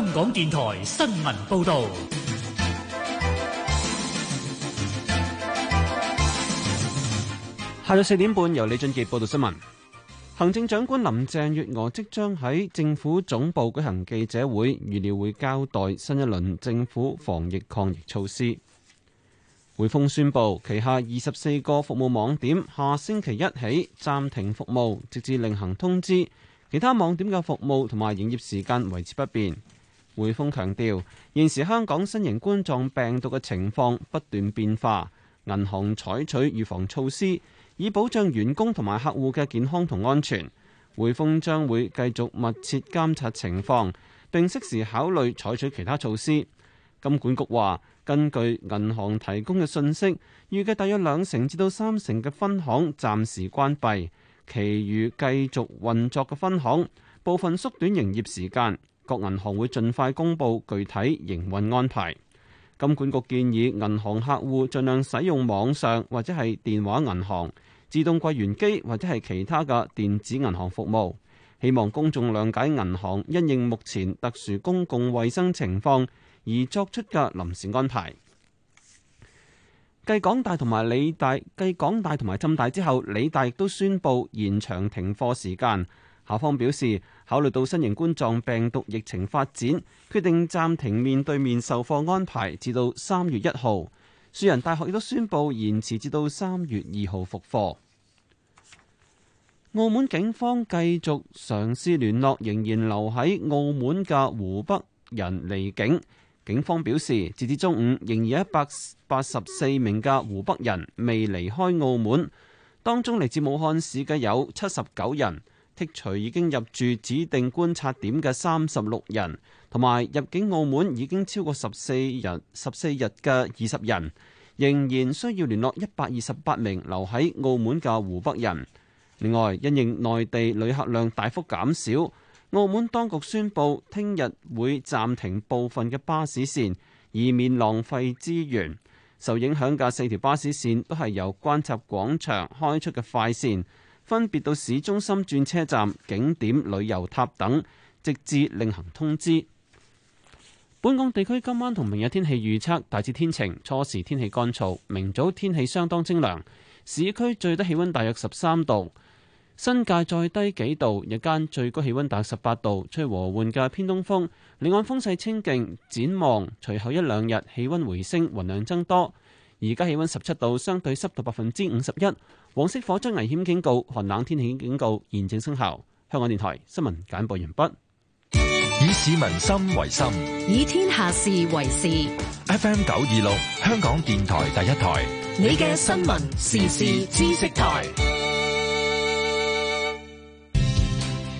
香港電台新聞報道，下晝四點半由李俊杰報道新聞。行政長官林鄭月娥即將喺政府總部舉行記者會，預料會交代新一輪政府防疫抗疫措施。匯豐宣布旗下二十四個服務網點下星期一起暫停服務，直至另行通知。其他網點嘅服務同埋營業時間維持不變。匯豐強調，現時香港新型冠狀病毒嘅情況不斷變化，銀行採取預防措施，以保障員工同埋客戶嘅健康同安全。匯豐將會繼續密切監察情況，並適時考慮採取其他措施。金管局話，根據銀行提供嘅信息，預計大約兩成至到三成嘅分行暫時關閉，其餘繼續運作嘅分行部分縮短營業時間。各銀行會盡快公布具體營運安排。金管局建議銀行客戶儘量使用網上或者係電話銀行、自動櫃員機或者係其他嘅電子銀行服務。希望公眾諒解銀行因應目前特殊公共衞生情況而作出嘅臨時安排。繼港大同埋理大、繼港大同埋浸大之後，理大亦都宣布延長停課時間。校方表示，考慮到新型冠狀病毒疫情發展，決定暫停面對面授課安排至，至到三月一號。樹人大學亦都宣布延遲至到三月二號復課。澳門警方繼續嘗試聯絡仍然留喺澳門嘅湖北人離境。警方表示，截至中午，仍然一百八十四名嘅湖北人未離開澳門，當中嚟自武漢市嘅有七十九人。剔除已經入住指定觀察點嘅三十六人，同埋入境澳門已經超過十四日十四日嘅二十人，仍然需要聯絡一百二十八名留喺澳門嘅湖北人。另外，因應內地旅客量大幅減少，澳門當局宣布聽日會暫停部分嘅巴士線，以免浪費資源。受影響嘅四條巴士線都係由關閘廣場開出嘅快線。分別到市中心轉車站、景點、旅遊塔等，直至另行通知。本港地區今晚同明日天氣預測大致天晴，初時天氣乾燥，明早天氣相當清涼。市區最低氣温大約十三度，新界再低幾度。日間最高氣温達十八度，吹和緩嘅偏東風。離岸風勢清勁，展望隨後一兩日氣温回升，雲量增多。而家氣温十七度，相對濕度百分之五十一。黃色火災危險警告、寒冷天氣警告現正生效。香港電台新聞簡報完畢。以市民心為心，以天下事為事。FM 九二六，香港電台第一台，你嘅新聞時事知識台。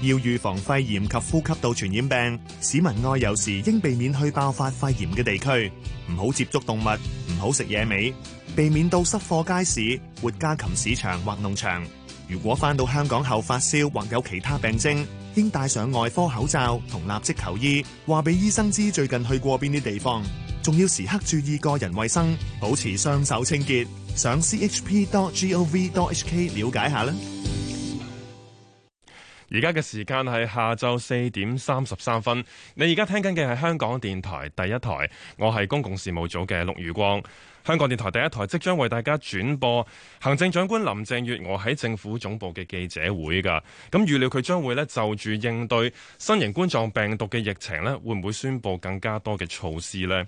要預防肺炎及呼吸道傳染病，市民外遊時應避免去爆發肺炎嘅地區，唔好接觸動物，唔好食野味，避免到濕貨街市、活家禽市場或農場。如果翻到香港後發燒或有其他病症，應戴上外科口罩同立即求醫，話俾醫生知最近去過邊啲地方。仲要時刻注意個人衛生，保持雙手清潔。上 chp.gov.hk 了解下啦。而家嘅時間係下晝四點三十三分。你而家聽緊嘅係香港電台第一台，我係公共事務組嘅陸宇光。香港電台第一台即將為大家轉播行政長官林鄭月娥喺政府總部嘅記者會噶。咁預料佢將會咧就住應對新型冠狀病毒嘅疫情咧，會唔會宣布更加多嘅措施呢？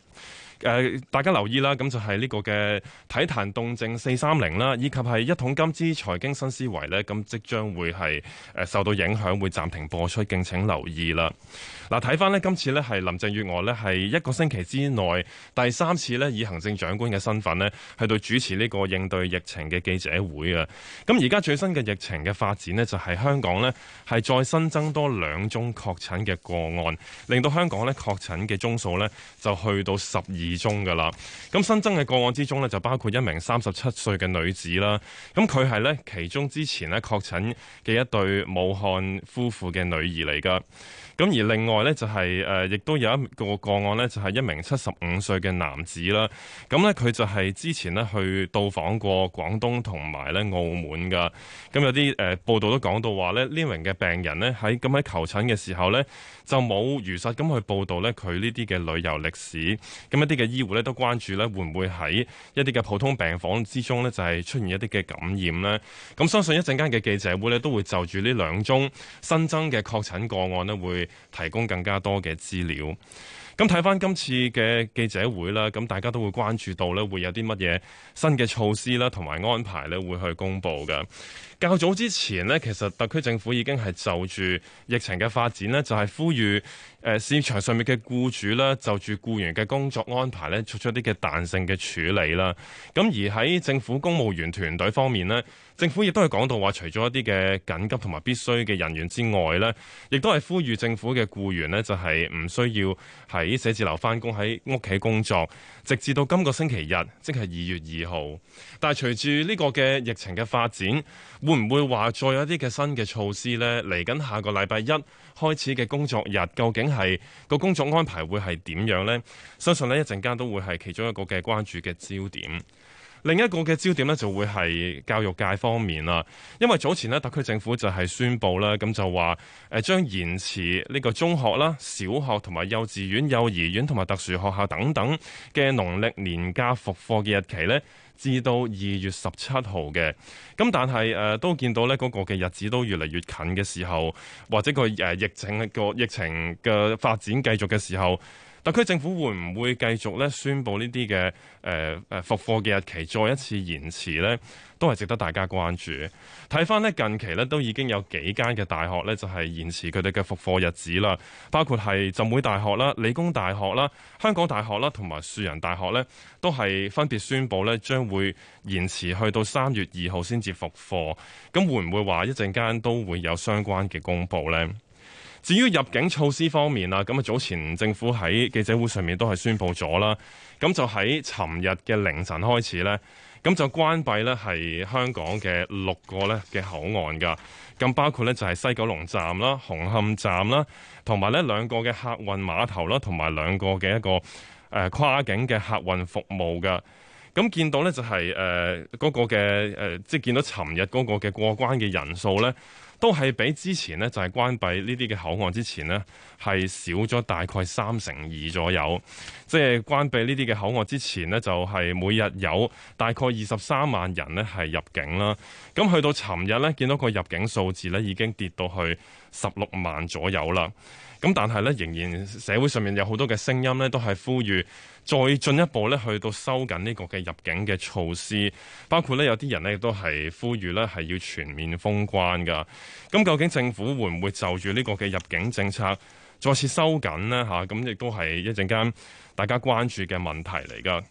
誒、呃，大家留意啦，咁就係呢個嘅體壇動靜四三零啦，以及係一桶金之財經新思維呢。咁即將會係誒受到影響，會暫停播出，敬請留意啦。嗱，睇翻呢。今次呢，係林鄭月娥呢，係一個星期之內第三次呢，以行政長官嘅身份呢，去到主持呢個應對疫情嘅記者會啊！咁而家最新嘅疫情嘅發展呢，就係香港呢，係再新增多兩宗確診嘅個案，令到香港呢確診嘅宗數呢，就去到十二宗噶啦。咁新增嘅個案之中呢，就包括一名三十七歲嘅女子啦。咁佢係呢其中之前呢確診嘅一對武漢夫婦嘅女兒嚟噶。咁而另外呢、就係，就係誒，亦都有一個個案呢就係一名七十五歲嘅男子啦。咁呢，佢就係之前呢去到訪過廣東同埋咧澳門噶。咁有啲誒、呃、報道都講到話呢呢名嘅病人呢，喺咁喺求診嘅時候呢，就冇如實咁去報道呢佢呢啲嘅旅遊歷史。咁一啲嘅醫護呢，都關注呢會唔會喺一啲嘅普通病房之中呢，就係出現一啲嘅感染呢。咁相信一陣間嘅記者會呢，都會就住呢兩宗新增嘅確診個案呢，會，提供更加多嘅資料。咁睇翻今次嘅記者會啦，咁大家都會關注到呢，會有啲乜嘢新嘅措施啦，同埋安排呢會去公布嘅。較早之前呢，其實特區政府已經係就住疫情嘅發展呢就係、是、呼籲誒、呃、市場上面嘅雇主啦，就住僱員嘅工作安排呢做出一啲嘅彈性嘅處理啦。咁而喺政府公務員團隊方面呢，政府亦都係講到話，除咗一啲嘅緊急同埋必須嘅人員之外呢，亦都係呼籲政府嘅僱員呢，就係唔需要喺喺寫字樓翻工，喺屋企工作，直至到今個星期日，即係二月二號。但係隨住呢個嘅疫情嘅發展，會唔會話再有一啲嘅新嘅措施呢？嚟緊下個禮拜一開始嘅工作日，究竟係個工作安排會係點樣呢？相信呢一陣間都會係其中一個嘅關注嘅焦點。另一個嘅焦點呢，就會係教育界方面啦。因為早前呢，特區政府就係宣布啦，咁就話誒將延遲呢個中學啦、小學同埋幼稚園、幼兒園同埋特殊學校等等嘅農曆年假復課嘅日期呢，至到二月十七號嘅。咁但係誒都見到呢嗰個嘅日子都越嚟越近嘅時候，或者個誒疫情個疫情嘅發展繼續嘅時候。特區政府會唔會繼續咧宣佈呢啲嘅誒誒復課嘅日期再一次延遲呢？都係值得大家關注。睇翻咧近期呢，都已經有幾間嘅大學呢，就係延遲佢哋嘅復課日子啦，包括係浸會大學啦、理工大學啦、香港大學啦同埋樹仁大學呢，都係分別宣布咧將會延遲去到三月二號先至復課。咁會唔會話一陣間都會有相關嘅公佈呢？至於入境措施方面啊，咁啊早前政府喺記者會上面都係宣布咗啦，咁就喺尋日嘅凌晨開始呢咁就關閉呢係香港嘅六個呢嘅口岸噶，咁包括呢就係西九龍站啦、紅磡站啦，同埋呢兩個嘅客運碼頭啦，同埋兩個嘅一個誒跨境嘅客運服務噶，咁見到呢就係誒嗰個嘅誒，即係見到尋日嗰個嘅過關嘅人數呢。都係比之前呢，就係、是、關閉呢啲嘅口岸之前呢，係少咗大概三成二左右。即係關閉呢啲嘅口岸之前呢，就係、是、每日有大概二十三萬人呢係入境啦。咁去到尋日呢，見到個入境數字呢已經跌到去十六萬左右啦。咁但係咧，仍然社會上面有好多嘅聲音咧，都係呼籲再進一步咧，去到收緊呢個嘅入境嘅措施，包括咧有啲人咧亦都係呼籲咧係要全面封關㗎。咁究竟政府會唔會就住呢個嘅入境政策再次收緊呢？吓、啊，咁亦都係一陣間大家關注嘅問題嚟㗎。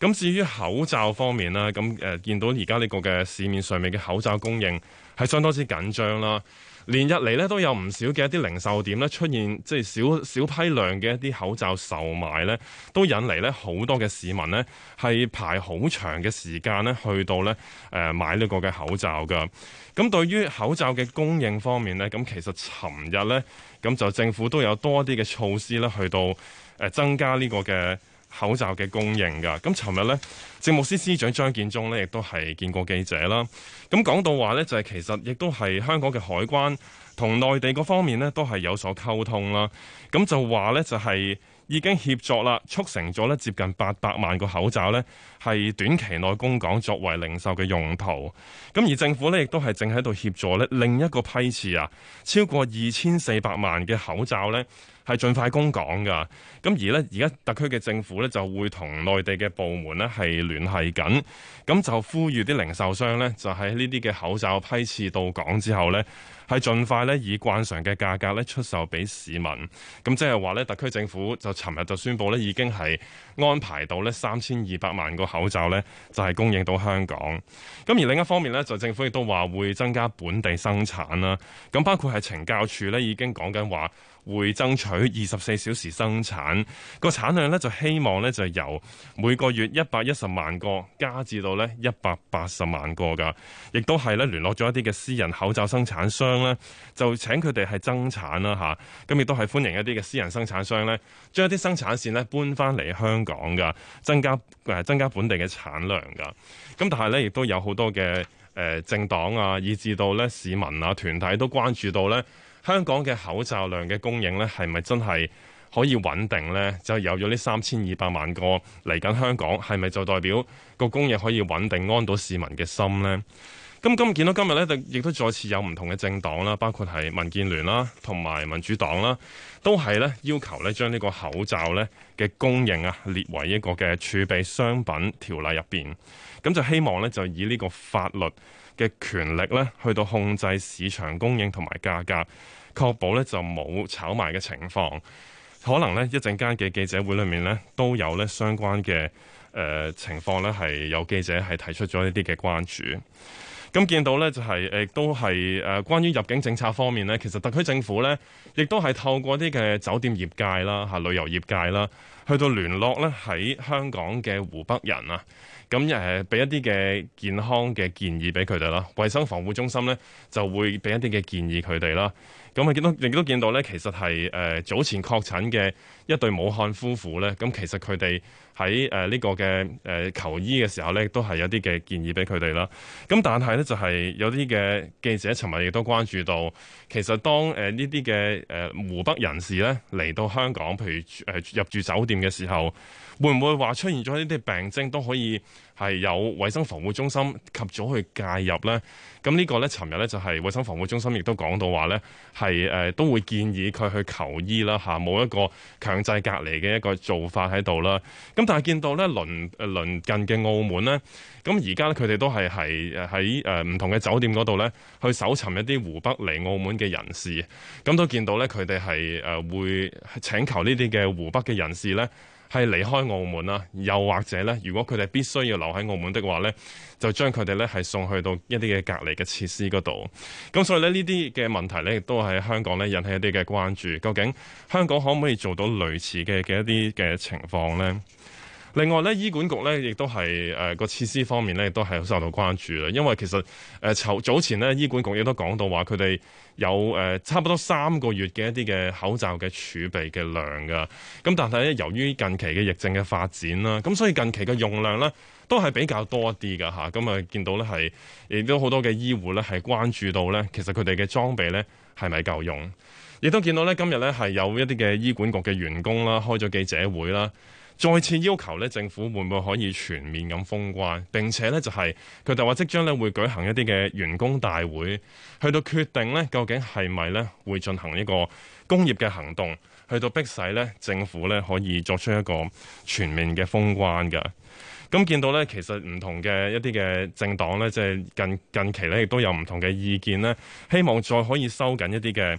咁至於口罩方面啦，咁誒見到而家呢個嘅市面上面嘅口罩供應係相當之緊張啦。連日嚟咧都有唔少嘅一啲零售店咧出現，即係少少批量嘅一啲口罩售賣咧，都引嚟咧好多嘅市民咧係排好長嘅時間咧去到咧誒買呢個嘅口罩㗎。咁對於口罩嘅供應方面咧，咁其實尋日咧咁就政府都有多啲嘅措施咧去到誒增加呢個嘅。口罩嘅供應噶，咁尋日呢，政務司司長張建宗呢亦都係見過記者啦。咁講到話呢，就係、是、其實亦都係香港嘅海關同內地嗰方面呢都係有所溝通啦。咁就話呢，就係、是、已經協助啦，促成咗呢接近八百萬個口罩呢係短期內供港作為零售嘅用途。咁而政府呢，亦都係正喺度協助呢另一個批次啊，超過二千四百萬嘅口罩呢。係盡快供港㗎，咁而咧，而家特區嘅政府咧就會同內地嘅部門咧係聯繫緊，咁就呼籲啲零售商咧就喺呢啲嘅口罩批次到港之後咧，係盡快咧以慣常嘅價格咧出售俾市民。咁即係話咧，特區政府就尋日就宣布咧，已經係安排到咧三千二百萬個口罩咧，就係供應到香港。咁而另一方面咧，就政府亦都話會增加本地生產啦。咁包括係懲教署咧，已經講緊話。會爭取二十四小時生產，個產量咧就希望咧就由每個月一百一十萬個加至到咧一百八十萬個噶，亦都係咧聯絡咗一啲嘅私人口罩生產商咧，就請佢哋係增產啦吓，咁亦都係歡迎一啲嘅私人生產商咧，將一啲生產線咧搬翻嚟香港噶，增加誒增加本地嘅產量噶，咁但係咧亦都有好多嘅誒政黨啊，以至到咧市民啊團體都關注到咧。香港嘅口罩量嘅供應呢，係咪真係可以穩定呢？就有咗呢三千二百萬個嚟緊香港，係咪就代表個供應可以穩定安到市民嘅心呢？咁今見到今日呢，亦都再次有唔同嘅政黨啦，包括係民建聯啦，同埋民主黨啦，都係呢要求呢將呢個口罩呢嘅供應啊列為一個嘅儲備商品條例入邊，咁就希望呢就以呢個法律。嘅權力咧，去到控制市場供應同埋價格，確保咧就冇炒賣嘅情況。可能呢一陣間嘅記者會裏面呢都有呢相關嘅誒、呃、情況呢係有記者係提出咗一啲嘅關注。咁見到呢就係、是、亦都係誒，關於入境政策方面呢，其實特區政府呢亦都係透過啲嘅酒店業界啦，嚇、呃、旅遊業界啦。去到聯絡咧喺香港嘅湖北人啊，咁誒俾一啲嘅健康嘅建議俾佢哋啦，衛生防護中心咧就會俾一啲嘅建議佢哋啦。咁啊見到亦都見到咧，其實係誒早前確診嘅一對武漢夫婦咧，咁其實佢哋。喺誒呢個嘅誒、呃、求醫嘅時候咧，都係有啲嘅建議俾佢哋啦。咁但係咧，就係、是、有啲嘅記者尋日亦都關注到，其實當誒呢啲嘅誒湖北人士咧嚟到香港，譬如誒、呃、入住酒店嘅時候，會唔會話出現咗呢啲病徵都可以係有衛生防護中心及早去介入呢。咁呢個呢尋日呢，就係、是、衛生防護中心亦都講到話呢，係、呃、都會建議佢去求醫啦，吓、啊、冇一個強制隔離嘅一個做法喺度啦。咁、啊、但係見到呢，鄰、呃、鄰近嘅澳門呢，咁而家呢佢哋都係係喺唔同嘅酒店嗰度呢，去搜尋一啲湖北嚟澳門嘅人士，咁、啊、都見到呢，佢哋係誒會請求呢啲嘅湖北嘅人士呢。係離開澳門啦，又或者咧，如果佢哋必須要留喺澳門的話咧，就將佢哋咧係送去到一啲嘅隔離嘅設施嗰度。咁所以咧，呢啲嘅問題咧，亦都喺香港咧引起一啲嘅關注。究竟香港可唔可以做到類似嘅嘅一啲嘅情況咧？另外咧，醫管局咧亦都係誒個設施方面咧，亦都係受到關注啦。因為其實誒早、呃、早前咧，醫管局亦都講到話，佢哋有誒差不多三個月嘅一啲嘅口罩嘅儲備嘅量噶。咁但係咧，由於近期嘅疫症嘅發展啦，咁所以近期嘅用量咧都係比較多一啲噶吓。咁啊，見到咧係亦都好多嘅醫護咧係關注到咧，其實佢哋嘅裝備咧係咪夠用？亦都見到咧今日咧係有一啲嘅醫管局嘅員工啦，開咗記者會啦。再次要求咧，政府會唔會可以全面咁封關？並且咧就係佢哋話，即將咧會舉行一啲嘅員工大會，去到決定咧究竟係咪咧會進行呢個工業嘅行動，去到迫使咧政府咧可以作出一個全面嘅封關㗎。咁見到咧，其實唔同嘅一啲嘅政黨咧，即係近近期咧亦都有唔同嘅意見咧，希望再可以收緊一啲嘅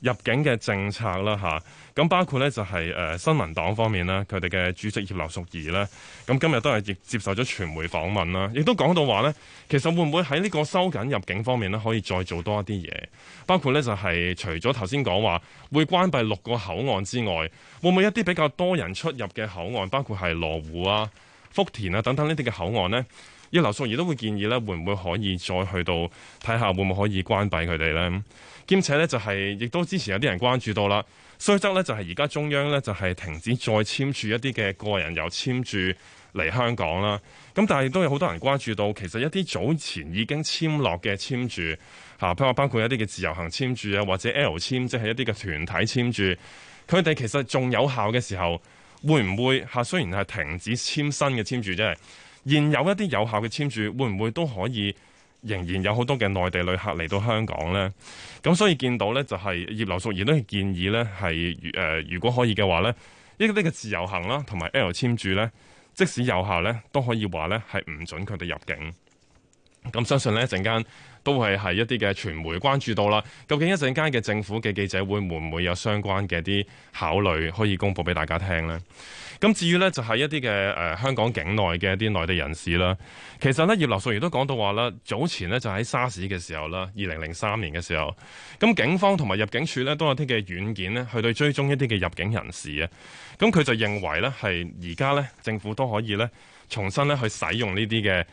入境嘅政策啦，嚇。咁包括咧，就係誒新民黨方面啦，佢哋嘅主席葉劉淑儀咧，咁今日都係亦接受咗傳媒訪問啦，亦都講到話咧，其實會唔會喺呢個收緊入境方面咧，可以再做多一啲嘢，包括咧就係除咗頭先講話會關閉六個口岸之外，會唔會一啲比較多人出入嘅口岸，包括係羅湖啊、福田啊等等呢啲嘅口岸咧？葉劉淑儀都會建議咧，會唔會可以再去到睇下會唔會可以關閉佢哋咧？兼且咧、就是，就係亦都之前有啲人關注到啦。所以則咧就係而家中央咧就係停止再簽注一啲嘅個人遊簽注嚟香港啦。咁但係亦都有好多人關注到，其實一啲早前已經簽落嘅簽注，嚇包括包括一啲嘅自由行簽注啊，或者 L 簽即係，一啲嘅團體簽注，佢哋其實仲有效嘅時候，會唔會嚇雖然係停止簽新嘅簽注，啫，係現有一啲有效嘅簽注，會唔會都可以？仍然有好多嘅內地旅客嚟到香港呢。咁所以見到呢，就係葉劉淑儀都建議呢，係、呃、如果可以嘅話呢，呢啲自由行啦同埋 L 簽注呢，即使有效呢，都可以話呢係唔準佢哋入境。咁相信呢，一陣間都會係一啲嘅傳媒關注到啦。究竟一陣間嘅政府嘅記者會唔會有相關嘅啲考慮可以公佈俾大家聽呢？咁至於咧，就係一啲嘅誒香港境內嘅一啲內地人士啦。其實咧，葉劉淑儀都講到話啦，早前咧就喺沙士嘅時候啦，二零零三年嘅時候，咁警方同埋入境處咧都有啲嘅軟件咧，去到追蹤一啲嘅入境人士啊。咁佢就認為咧，係而家咧政府都可以咧重新咧去使用呢啲嘅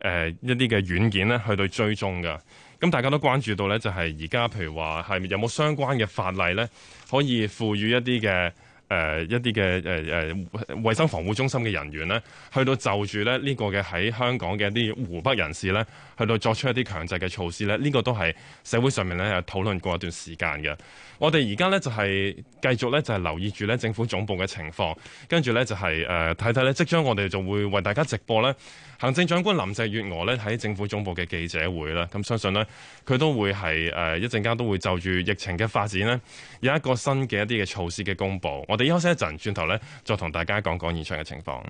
誒一啲嘅軟件咧去到追蹤噶。咁大家都關注到咧，就係而家譬如話係有冇相關嘅法例咧，可以賦予一啲嘅。呃、一啲嘅衞生防護中心嘅人員呢，去到就住咧呢個嘅喺香港嘅一啲湖北人士呢，去到作出一啲強制嘅措施呢。呢、呢個都係社會上面呢，係討論過一段時間嘅。我哋而家呢，就係、是、繼續呢，就係、是、留意住呢政府總部嘅情況，跟住呢，就係睇睇呢，呃、睇睇即將我哋就會為大家直播呢。行政長官林鄭月娥呢喺政府總部嘅記者會啦，咁相信呢佢都會係誒一陣間都會就住疫情嘅發展呢有一個新嘅一啲嘅措施嘅公布。我哋休息一陣，轉頭呢再同大家講講現場嘅情況。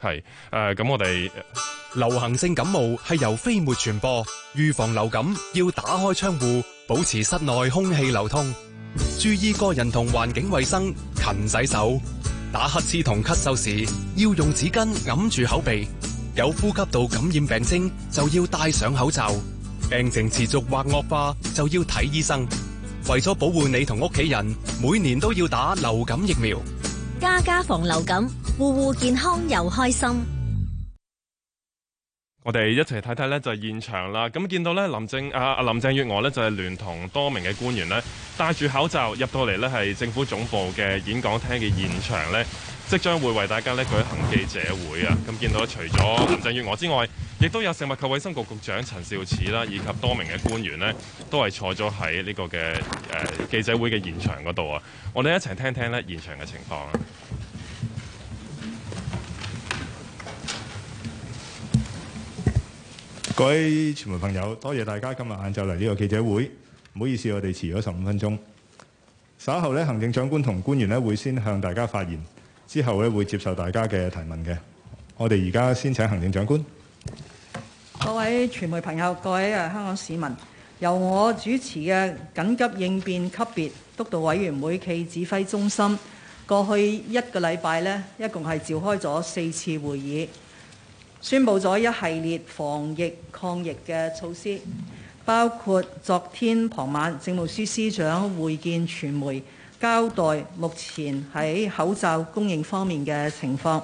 係誒，咁、呃、我哋流行性感冒係由飛沫傳播，預防流感要打開窗戶，保持室內空氣流通。注意個人同環境衛生，勤洗手。打乞嗤同咳嗽時，要用紙巾揞住口鼻。有呼吸道感染病徵，就要戴上口罩。病情持續或惡化，就要睇醫生。為咗保護你同屋企人，每年都要打流感疫苗。家家防流感，戶戶健康又開心。我哋一齊睇睇呢，就係現場啦，咁見到呢、啊，林鄭啊阿林鄭月娥呢，就係、是、聯同多名嘅官員呢，戴住口罩入到嚟，呢係政府總部嘅演講廳嘅現場呢，即將會為大家呢舉行記者會啊！咁見到除咗林鄭月娥之外，亦都有食物及衛生局局長陳肇始啦，以及多名嘅官員呢，都係坐咗喺呢個嘅誒、呃、記者會嘅現場嗰度啊！我哋一齊聽聽呢現場嘅情況啊！各位傳媒朋友，多謝大家今日晏晝嚟呢個記者會。唔好意思，我哋遲咗十五分鐘。稍後咧，行政長官同官員咧會先向大家發言，之後咧會接受大家嘅提問嘅。我哋而家先請行政長官。各位傳媒朋友，各位啊，香港市民，由我主持嘅緊急應變級別督導委員會暨指揮中心，過去一個禮拜呢，一共係召開咗四次會議。宣布咗一系列防疫抗疫嘅措施，包括昨天傍晚政務司司長會見傳媒，交代目前喺口罩供應方面嘅情況。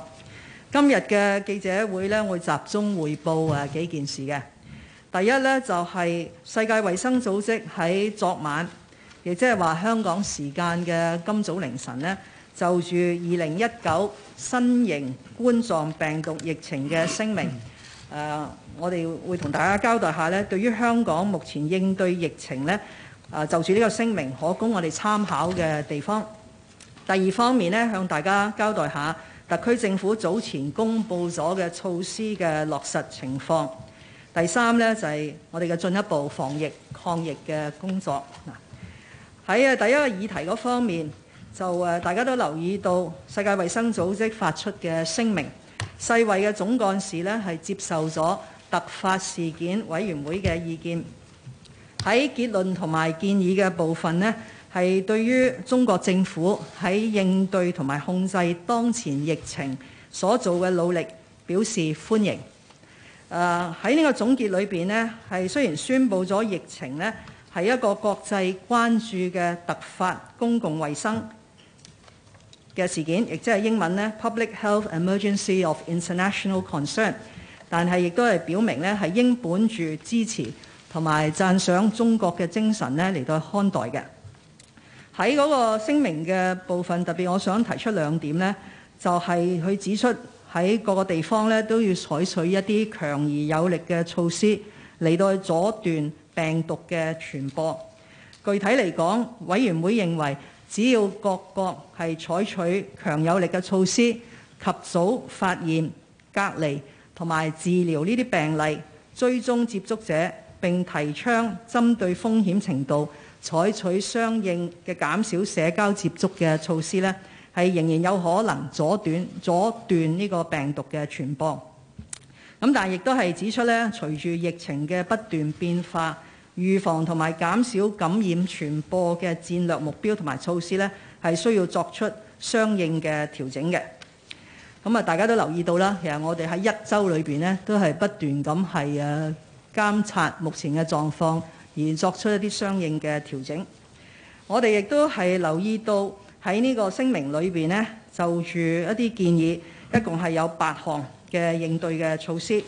今日嘅記者會呢，會集中匯報誒，幾件事嘅。第一呢，就係世界衛生組織喺昨晚，亦即係話香港時間嘅今早凌晨呢。就住二零一九新型冠狀病毒疫情嘅聲明，誒，我哋會同大家交代下呢對於香港目前應對疫情呢，誒，就住呢個聲明可供我哋參考嘅地方。第二方面呢，向大家交代下特區政府早前公布咗嘅措施嘅落實情況。第三呢，就係我哋嘅進一步防疫抗疫嘅工作。喺啊第一個議題嗰方面。就誒，大家都留意到世界衛生組織發出嘅聲明，世衛嘅總幹事咧係接受咗突發事件委員會嘅意見。喺結論同埋建議嘅部分咧，係對於中國政府喺應對同埋控制當前疫情所做嘅努力表示歡迎。誒喺呢個總結裏邊咧，係雖然宣布咗疫情咧係一個國際關注嘅突發公共衛生嘅事件，亦即係英文咧，public health emergency of international concern，但係亦都係表明咧，係應本著支持同埋讚賞中國嘅精神咧嚟到看待嘅。喺嗰個聲明嘅部分，特別我想提出兩點咧，就係、是、佢指出喺各個地方咧都要採取一啲強而有力嘅措施嚟到阻斷病毒嘅傳播。具體嚟講，委員會認為。只要各國係採取強有力嘅措施，及早發現、隔離同埋治療呢啲病例，追蹤接觸者，並提倡針對風險程度採取相應嘅減少社交接觸嘅措施呢，係仍然有可能阻斷阻斷呢個病毒嘅傳播。咁但亦都係指出呢，隨住疫情嘅不斷變化，預防同埋減少感染傳播嘅戰略目標同埋措施咧，係需要作出相應嘅調整嘅。咁啊，大家都留意到啦，其實我哋喺一周裏邊呢，都係不斷咁係誒監察目前嘅狀況，而作出一啲相應嘅調整。我哋亦都係留意到喺呢個聲明裏邊呢，就住一啲建議，一共係有八項嘅應對嘅措施。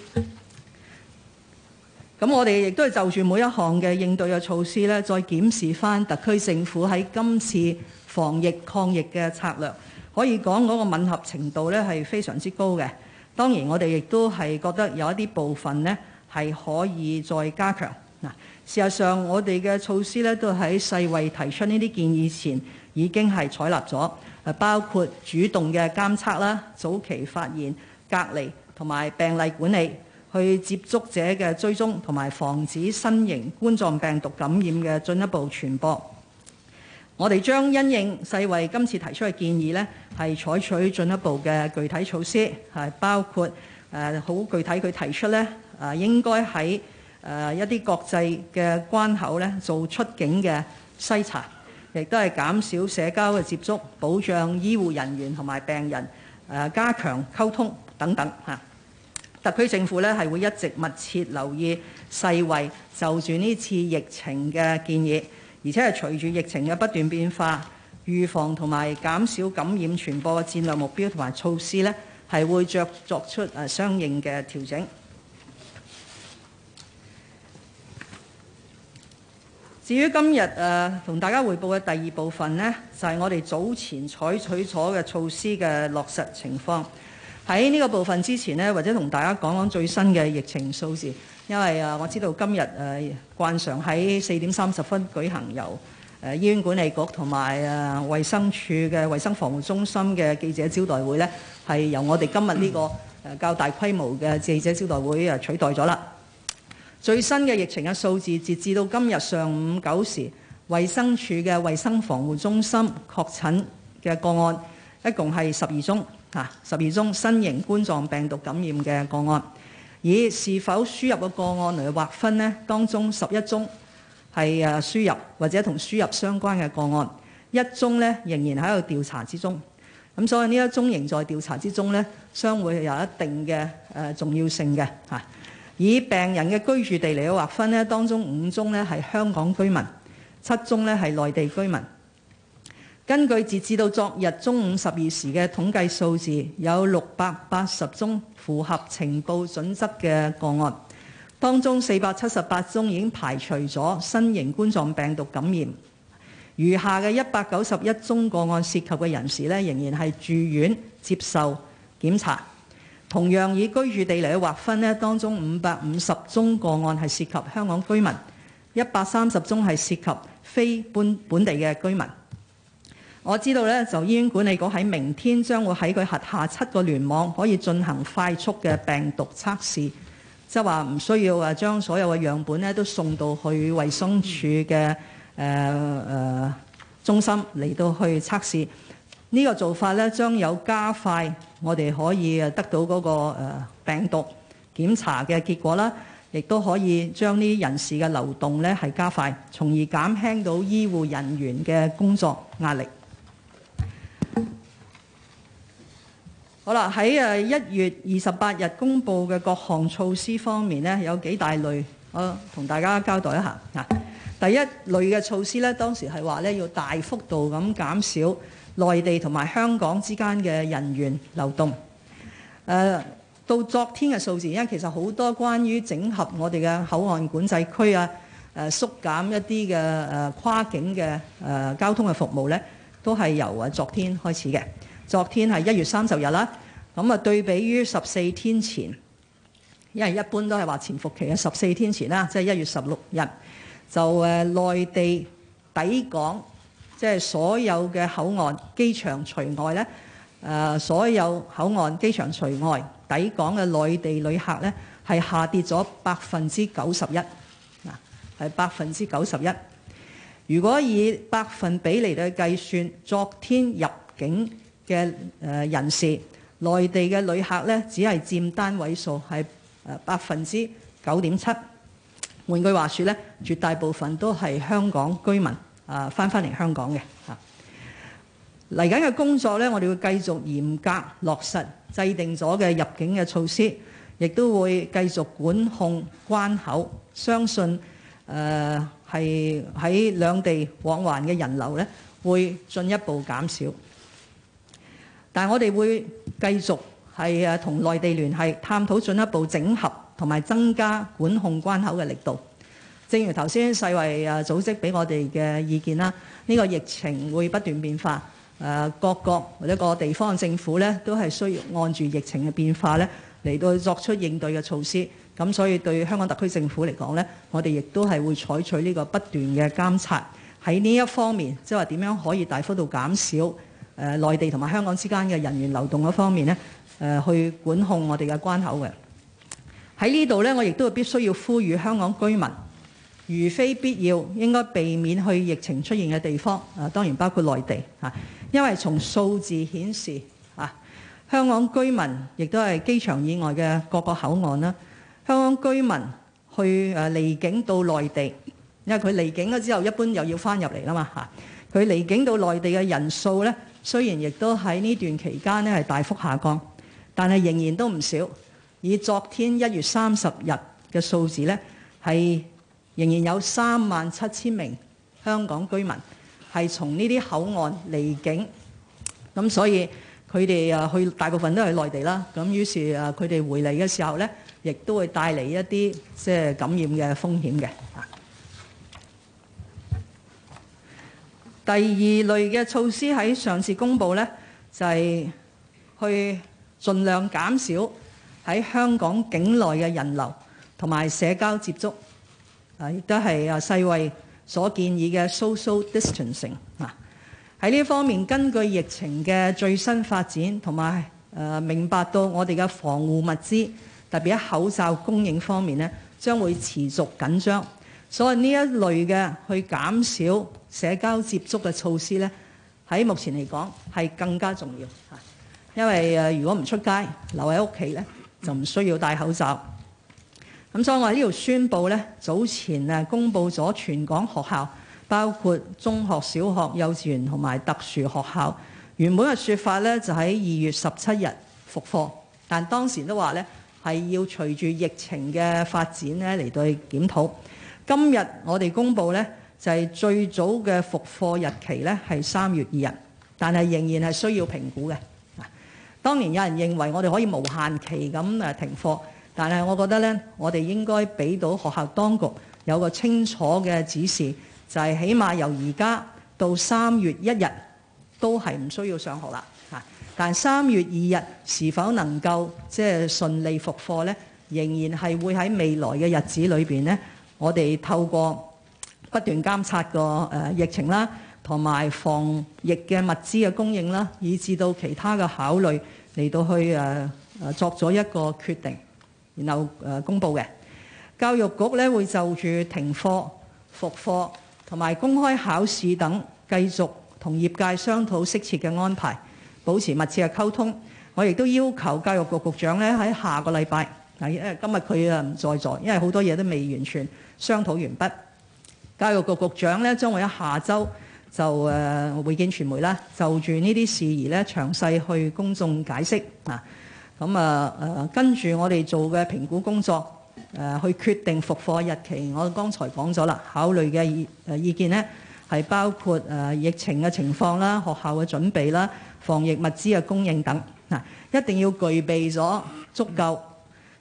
咁我哋亦都係就住每一項嘅應對嘅措施咧，再檢視翻特區政府喺今次防疫抗疫嘅策略，可以講嗰個吻合程度咧係非常之高嘅。當然我哋亦都係覺得有一啲部分咧係可以再加強。嗱，事實上我哋嘅措施咧都喺世衛提出呢啲建議前已經係採納咗，誒包括主動嘅監測啦、早期發現、隔離同埋病例管理。去接觸者嘅追蹤同埋防止新型冠狀病毒感染嘅進一步傳播，我哋將因應世衛今次提出嘅建議呢，係採取進一步嘅具體措施，係包括誒好具體佢提出呢，誒應該喺誒一啲國際嘅關口做出境嘅篩查，亦都係減少社交嘅接觸，保障醫護人員同埋病人誒加強溝通等等吓。特區政府咧係會一直密切留意世衛就住呢次疫情嘅建議，而且係隨住疫情嘅不斷變化，預防同埋減少感染傳播嘅戰略目標同埋措施咧，係會作出相應嘅調整。至於今日誒同大家匯報嘅第二部分就係我哋早前採取咗嘅措施嘅落實情況。喺呢個部分之前呢，或者同大家講講最新嘅疫情數字，因為啊，我知道今日誒慣常喺四點三十分舉行由誒醫院管理局同埋衛生署嘅衛生防護中心嘅記者招待會呢，係由我哋今日呢個誒較大規模嘅記者招待會啊取代咗啦。最新嘅疫情嘅數字，截至到今日上午九時，衛生署嘅衛生防護中心確診嘅個案一共係十二宗。十二宗新型冠狀病毒感染嘅個案，以是否輸入嘅個案嚟劃分呢，當中十一宗係誒輸入或者同輸入相關嘅個案，一宗呢仍然喺度調查之中。咁所以呢一宗仍在調查之中呢，相會有一定嘅誒重要性嘅嚇。以病人嘅居住地嚟去劃分呢，當中五宗呢係香港居民，七宗呢係內地居民。根據截至到昨日中午十二時嘅統計數字，有六百八十宗符合呈報準則嘅個案，當中四百七十八宗已經排除咗新型冠狀病毒感染，餘下嘅一百九十一宗個案涉及嘅人士呢，仍然係住院接受檢查。同樣以居住地嚟去劃分呢，當中五百五十宗個案係涉及香港居民，一百三十宗係涉及非本本地嘅居民。我知道咧，就醫院管理局喺明天將會喺佢轄下七個聯網，可以進行快速嘅病毒測試，即係話唔需要將所有嘅樣本咧都送到去衛生署嘅、呃呃、中心嚟到去測試。呢、這個做法咧將有加快我哋可以得到嗰個病毒檢查嘅結果啦，亦都可以將呢啲人士嘅流動咧係加快，從而減輕到醫護人員嘅工作壓力。好啦，喺誒一月二十八日公布嘅各項措施方面呢，有幾大類，我同大家交代一下。第一類嘅措施呢，當時係話呢，要大幅度咁減少內地同埋香港之間嘅人員流動。啊、到昨天嘅數字，因為其實好多關於整合我哋嘅口岸管制區啊，誒、啊、縮減一啲嘅跨境嘅、啊、交通嘅服務呢，都係由昨天開始嘅。昨天係一月三十日啦，咁啊對比於十四天前，因為一般都係話潛伏期啊，十四天前啦，即係一月十六日，就誒內地抵港，即係所有嘅口岸機場除外咧。誒所有口岸機場除外，抵港嘅內地旅客咧係下跌咗百分之九十一，嗱係百分之九十一。如果以百分比嚟到計算，昨天入境嘅誒人士，內地嘅旅客咧，只係佔單位數係誒百分之九點七。換句話說咧，絕大部分都係香港居民啊返返嚟香港嘅嚇。嚟緊嘅工作咧，我哋會繼續嚴格落實制定咗嘅入境嘅措施，亦都會繼續管控關口。相信誒係喺兩地往還嘅人流咧，會進一步減少。但我哋會繼續係同內地聯繫，探討進一步整合同埋增加管控關口嘅力度。正如頭先世衞組織俾我哋嘅意見啦，呢、這個疫情會不斷變化。各國或者各個地方政府呢都係需要按住疫情嘅變化呢嚟到作出應對嘅措施。咁所以對香港特區政府嚟講呢，我哋亦都係會採取呢個不斷嘅監察喺呢一方面，即係話點樣可以大幅度減少，誒，內地同埋香港之間嘅人員流動嗰方面咧，誒去管控我哋嘅關口嘅。喺呢度咧，我亦都必須要呼籲香港居民，如非必要，應該避免去疫情出現嘅地方。啊，當然包括內地嚇。因為從數字顯示嚇，香港居民亦都係機場以外嘅各個口岸啦。香港居民去誒離境到內地，因為佢離境咗之後，一般又要翻入嚟啦嘛嚇。佢離境到內地嘅人數咧，雖然亦都喺呢段期間呢係大幅下降，但係仍然都唔少。以昨天一月三十日嘅數字呢，係仍然有三萬七千名香港居民係從呢啲口岸離境，咁所以佢哋啊去大部分都係內地啦。咁於是啊佢哋回嚟嘅時候呢，亦都會帶嚟一啲即係感染嘅風險嘅。第二類嘅措施喺上次公布呢，就係、是、去盡量減少喺香港境內嘅人流同埋社交接觸，啊，亦都係啊世衛所建議嘅 social distancing 啊。喺呢方面，根據疫情嘅最新發展同埋誒明白到我哋嘅防護物資，特別係口罩供應方面呢，將會持續緊張，所以呢一類嘅去減少。社交接觸嘅措施呢，喺目前嚟講係更加重要吓，因為誒如果唔出街，留喺屋企呢，就唔需要戴口罩。咁所以我呢度宣布呢，早前公布咗全港學校，包括中學、小學、幼稚園同埋特殊學校，原本嘅說法呢就喺二月十七日復課，但當時都話呢，係要隨住疫情嘅發展呢嚟到檢討。今日我哋公布呢。就係、是、最早嘅復課日期咧，係三月二日，但係仍然係需要評估嘅。當然有人認為我哋可以無限期咁誒停課，但係我覺得咧，我哋應該俾到學校當局有個清楚嘅指示，就係、是、起碼由而家到三月一日都係唔需要上學啦。但係三月二日是否能夠即係順利復課咧？仍然係會喺未來嘅日子裏面咧，我哋透過。不斷監察個疫情啦，同埋防疫嘅物資嘅供應啦，以至到其他嘅考慮嚟到去誒誒作咗一個決定，然後公佈嘅，教育局咧會就住停課、復課同埋公開考試等，繼續同業界商討適切嘅安排，保持密切嘅溝通。我亦都要求教育局局長咧喺下個禮拜，因為今日佢啊唔在座，因為好多嘢都未完全商討完畢。教育局局長咧將會喺下週就誒會見傳媒啦，就住呢啲事宜咧詳細去公眾解釋啊。咁啊，誒跟住我哋做嘅評估工作誒，去決定復課日期。我剛才講咗啦，考慮嘅意見咧係包括誒疫情嘅情況啦、學校嘅準備啦、防疫物資嘅供應等啊，一定要具備咗足夠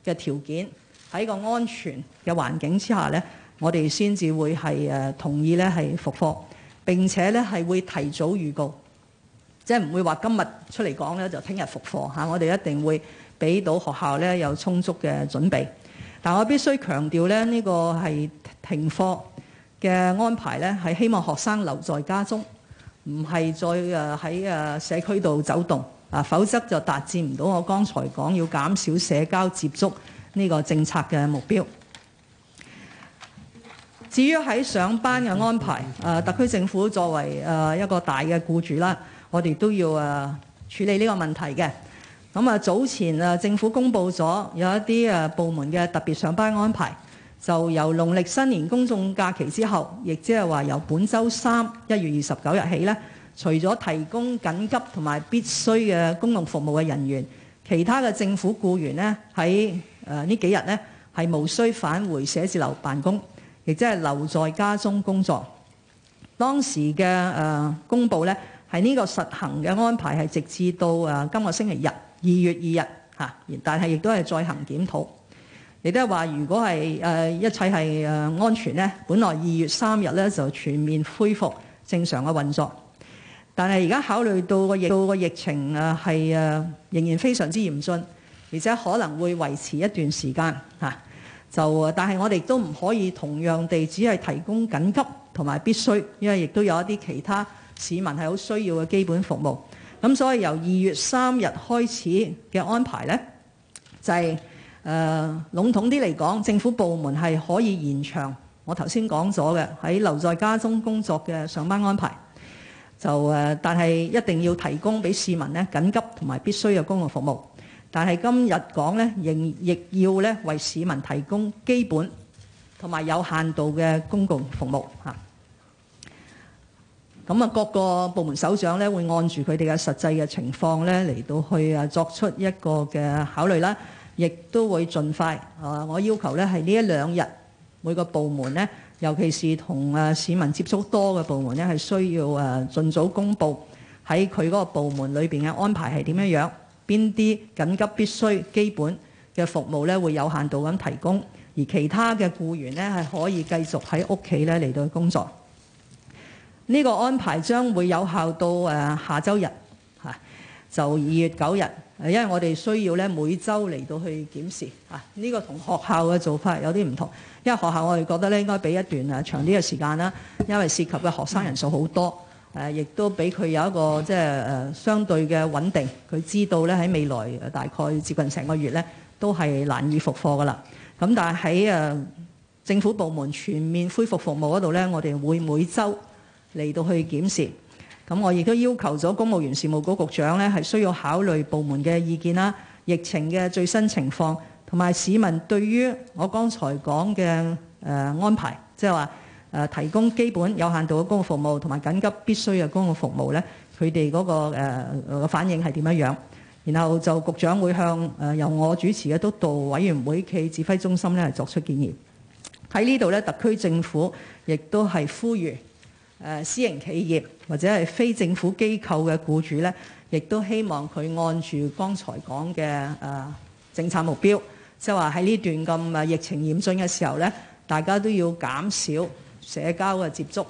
嘅條件喺個安全嘅環境之下咧。我哋先至會係誒同意咧，係復課，並且咧係會提早預告，即係唔會話今日出嚟講咧就聽日復課吓。我哋一定會俾到學校咧有充足嘅準備。但我必須強調咧，呢個係停課嘅安排咧係希望學生留在家中，唔係再誒喺誒社區度走動啊。否則就達至唔到我剛才講要減少社交接觸呢個政策嘅目標。至於喺上班嘅安排，誒特區政府作為誒一個大嘅僱主啦，我哋都要誒處理呢個問題嘅。咁啊，早前誒政府公布咗有一啲誒部門嘅特別上班安排，就由農曆新年公眾假期之後，亦即係話由本周三一月二十九日起咧，除咗提供緊急同埋必須嘅公共服務嘅人員，其他嘅政府僱員咧喺誒呢幾日咧係無需返回寫字樓辦公。亦即係留在家中工作。當時嘅誒公佈咧，係呢個實行嘅安排係直至到誒今個星期日二月二日嚇，但係亦都係再行檢討。亦都係話，如果係誒一切係誒安全咧，本來二月三日咧就全面恢復正常嘅運作。但係而家考慮到個疫到個疫情啊係誒仍然非常之嚴峻，而且可能會維持一段時間嚇。就但係我哋都唔可以同樣地只係提供緊急同埋必須，因為亦都有一啲其他市民係好需要嘅基本服務。咁所以由二月三日開始嘅安排呢，就係誒籠統啲嚟講，政府部門係可以延長我頭先講咗嘅喺留在家中工作嘅上班安排。就、呃、但係一定要提供俾市民呢緊急同埋必須嘅公共服務。但係今日講咧，仍亦要咧為市民提供基本同埋有限度嘅公共服務嚇。咁啊，各個部門首長咧會按住佢哋嘅實際嘅情況咧嚟到去啊作出一個嘅考慮啦。亦都會盡快啊！我要求咧係呢一兩日每個部門咧，尤其是同啊市民接觸多嘅部門咧，係需要啊盡早公布喺佢嗰個部門裏邊嘅安排係點樣樣，邊啲緊急必須基本嘅服務咧，會有限度咁提供，而其他嘅僱員咧係可以繼續喺屋企咧嚟到工作。呢個安排將會有效到誒下週日嚇，就二月九日。因為我哋需要咧每週嚟到去檢視嚇，呢個同學校嘅做法有啲唔同，因為學校我哋覺得咧應該俾一段啊長啲嘅時間啦，因為涉及嘅學生人數好多。誒，亦都俾佢有一個即係誒相對嘅穩定，佢知道咧喺未來大概接近成個月咧，都係難以復課噶啦。咁但係喺誒政府部門全面恢復服務嗰度咧，我哋會每週嚟到去檢視。咁我亦都要求咗公務員事務局局長咧，係需要考慮部門嘅意見啦、疫情嘅最新情況，同埋市民對於我剛才講嘅誒安排，即係話。誒，提供基本有限度嘅公共服務同埋緊急必須嘅公共服務咧，佢哋嗰個誒、呃、反應係點樣樣，然後就局長會向誒由我主持嘅督導委員會暨指揮中心咧作出建議。喺呢度咧，特區政府亦都係呼籲誒私營企業或者係非政府機構嘅僱主咧，亦都希望佢按住剛才講嘅誒政策目標，即係話喺呢段咁誒疫情嚴峻嘅時候咧，大家都要減少。社交嘅接觸，誒、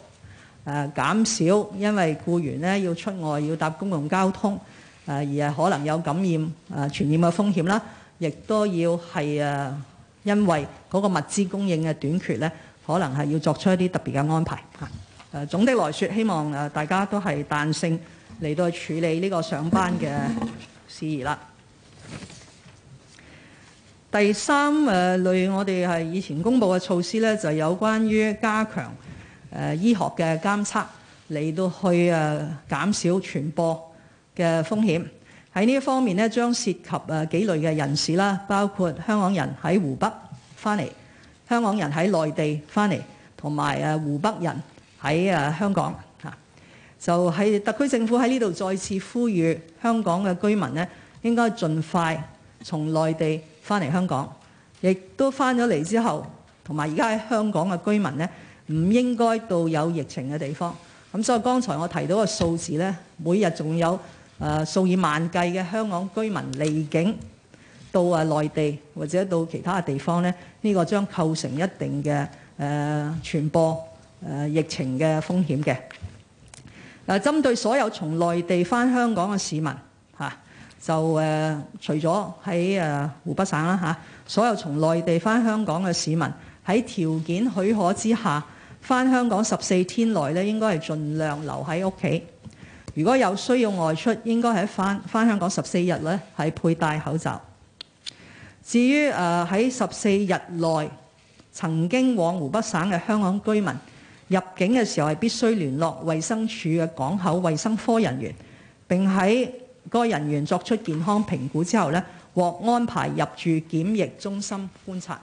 啊、減少，因為僱員呢要出外要搭公共交通，啊、而係可能有感染誒傳、啊、染嘅風險啦，亦、啊、都要係、啊、因為嗰個物資供應嘅短缺呢、啊，可能係要作出一啲特別嘅安排嚇。誒、啊、總的來說，希望、啊、大家都係彈性嚟到處處理呢個上班嘅事宜啦。第三誒類，我哋係以前公布嘅措施咧，就有關於加強誒醫學嘅監測嚟到去誒減少傳播嘅風險。喺呢一方面咧，將涉及誒幾類嘅人士啦，包括香港人喺湖北翻嚟、香港人喺內地翻嚟，同埋誒湖北人喺誒香港嚇。就喺特區政府喺呢度再次呼籲香港嘅居民咧，應該盡快從內地。翻嚟香港，亦都翻咗嚟之後，同埋而家喺香港嘅居民呢，唔應該到有疫情嘅地方。咁所以剛才我提到嘅數字呢，每日仲有誒數以萬計嘅香港居民離境到啊內地或者到其他嘅地方呢，呢、呢個將構成一定嘅誒傳播誒疫情嘅風險嘅。針對所有從內地翻香港嘅市民。就、呃、除咗喺、呃、湖北省啦吓、啊，所有從內地返香港嘅市民，喺條件許可之下，返香港十四天內咧，應該係盡量留喺屋企。如果有需要外出應該，應該係翻翻香港十四日咧，係佩戴口罩至於。至於喺十四日內曾經往湖北省嘅香港居民入境嘅時候，係必須聯絡衛生署嘅港口衛生科人員，並喺。該人員作出健康評估之後咧，獲安排入住檢疫中心觀察。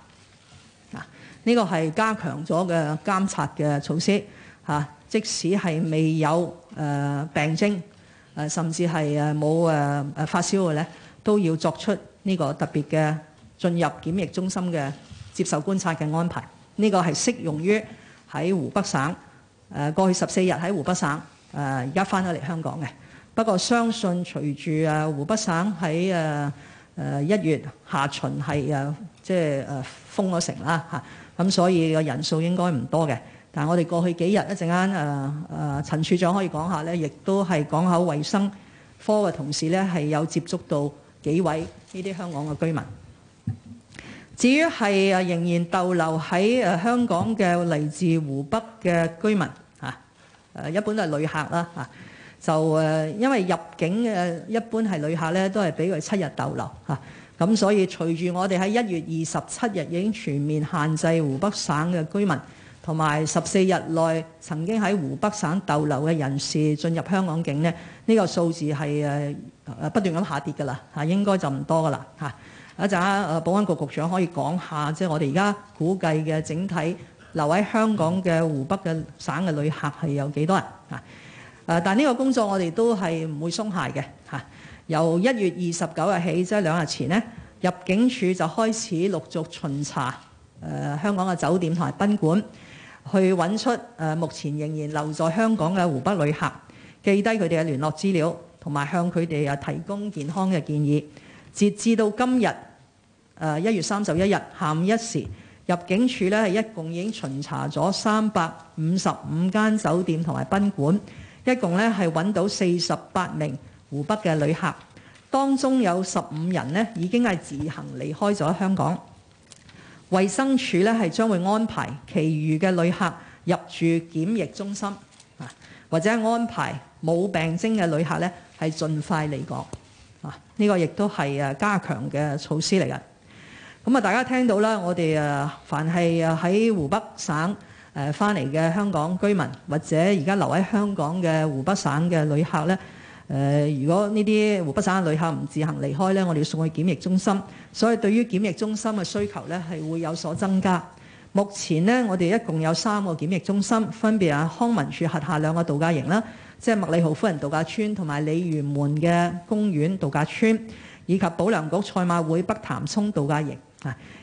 嗱，呢個係加強咗嘅監察嘅措施嚇。即使係未有病徵，甚至係誒冇發燒嘅咧，都要作出呢個特別嘅進入檢疫中心嘅接受觀察嘅安排。呢個係適用於喺湖北省過去十四日喺湖北省誒而家翻咗嚟香港嘅。不過相信隨住啊湖北省喺誒誒一月下旬係誒即係誒封咗城啦嚇，咁所以個人數應該唔多嘅。但係我哋過去幾日，一陣間誒誒陳處長可以講下咧，亦都係港口衞生科嘅同事咧，係有接觸到幾位呢啲香港嘅居民。至於係誒仍然逗留喺誒香港嘅嚟自湖北嘅居民嚇誒，一般都係旅客啦嚇。就因為入境嘅一般係旅客咧，都係俾佢七日逗留嚇。咁所以隨住我哋喺一月二十七日已經全面限制湖北省嘅居民同埋十四日內曾經喺湖北省逗留嘅人士進入香港境咧，呢個數字係不斷咁下跌㗎啦。應該就唔多㗎啦嚇。一陣保安局局長可以講下，即係我哋而家估計嘅整體留喺香港嘅湖北嘅省嘅旅客係有幾多人？誒，但呢個工作我哋都係唔會鬆懈嘅嚇。由一月二十九日起，即係兩日前咧，入境處就開始陸續巡查誒香港嘅酒店同埋賓館，去揾出誒目前仍然留在香港嘅湖北旅客，記低佢哋嘅聯絡資料，同埋向佢哋啊提供健康嘅建議。截至到今日誒一月三十一日下午一時，入境處咧係一共已經巡查咗三百五十五間酒店同埋賓館。一共咧係揾到四十八名湖北嘅旅客，當中有十五人呢已經係自行離開咗香港。衛生署咧係將會安排其餘嘅旅客入住檢疫中心，或者安排冇病徵嘅旅客咧係盡快離港。啊，呢個亦都係誒加強嘅措施嚟嘅。咁啊，大家聽到啦，我哋誒凡係喺湖北省誒翻嚟嘅香港居民，或者而家留喺香港嘅湖北省嘅旅客呢、呃，如果呢啲湖北省嘅旅客唔自行離開呢，我哋要送去檢疫中心，所以對於檢疫中心嘅需求呢，係會有所增加。目前呢，我哋一共有三個檢疫中心，分別喺康文署轄下兩個度假營啦，即係麥理浩夫人度假村同埋鯉魚門嘅公園度假村，以及保良局賽馬會北潭涌度假營。啊。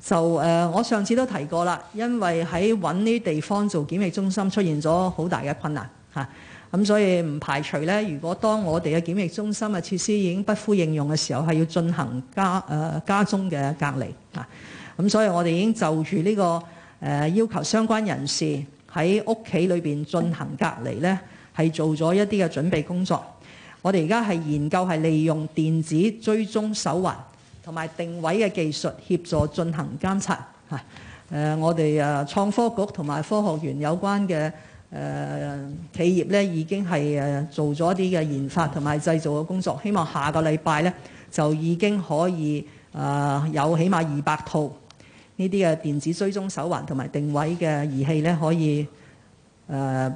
就、呃、我上次都提過啦，因為喺揾呢地方做檢疫中心出現咗好大嘅困難吓，咁所以唔排除呢，如果當我哋嘅檢疫中心嘅設施已經不敷應用嘅時候，係要進行家、呃、家中嘅隔離啊，咁所以我哋已經就住呢、這個、呃、要求相關人士喺屋企裏面進行隔離呢係做咗一啲嘅準備工作。我哋而家係研究係利用電子追蹤手環。同埋定位嘅技術協助進行監察吓，我哋創科局同埋科學園有關嘅企業咧，已經係做咗一啲嘅研發同埋製造嘅工作，希望下個禮拜咧就已經可以有起碼二百套呢啲嘅電子追蹤手環同埋定位嘅儀器咧，可以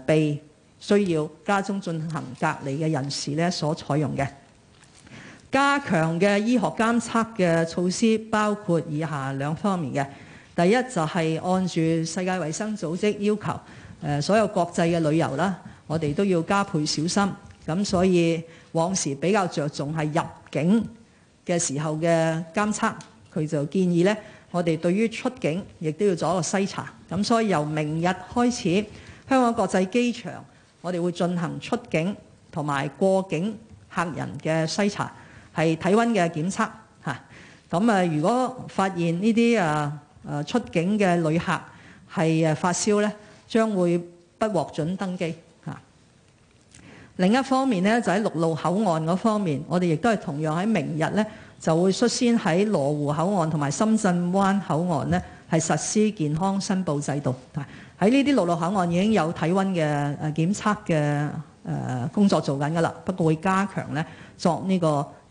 被需要家中進行隔離嘅人士咧所採用嘅。加強嘅醫學監測嘅措施包括以下兩方面嘅。第一就係按住世界衛生組織要求，誒所有國際嘅旅遊啦，我哋都要加倍小心。咁所以往時比較着重係入境嘅時候嘅監測，佢就建議呢，我哋對於出境亦都要做一個篩查。咁所以由明日開始，香港國際機場我哋會進行出境同埋過境客人嘅篩查。係體温嘅檢測嚇。咁啊如果發現呢啲啊啊出境嘅旅客係誒發燒咧，將會不獲准登機嚇，另一方面咧，就喺陸路口岸嗰方面，我哋亦都係同樣喺明日咧，就會率先喺羅湖口岸同埋深圳灣口岸咧，係實施健康申報制度。喺呢啲陸路口岸已經有體温嘅誒檢測嘅誒工作做緊噶啦，不過會加強咧作呢個。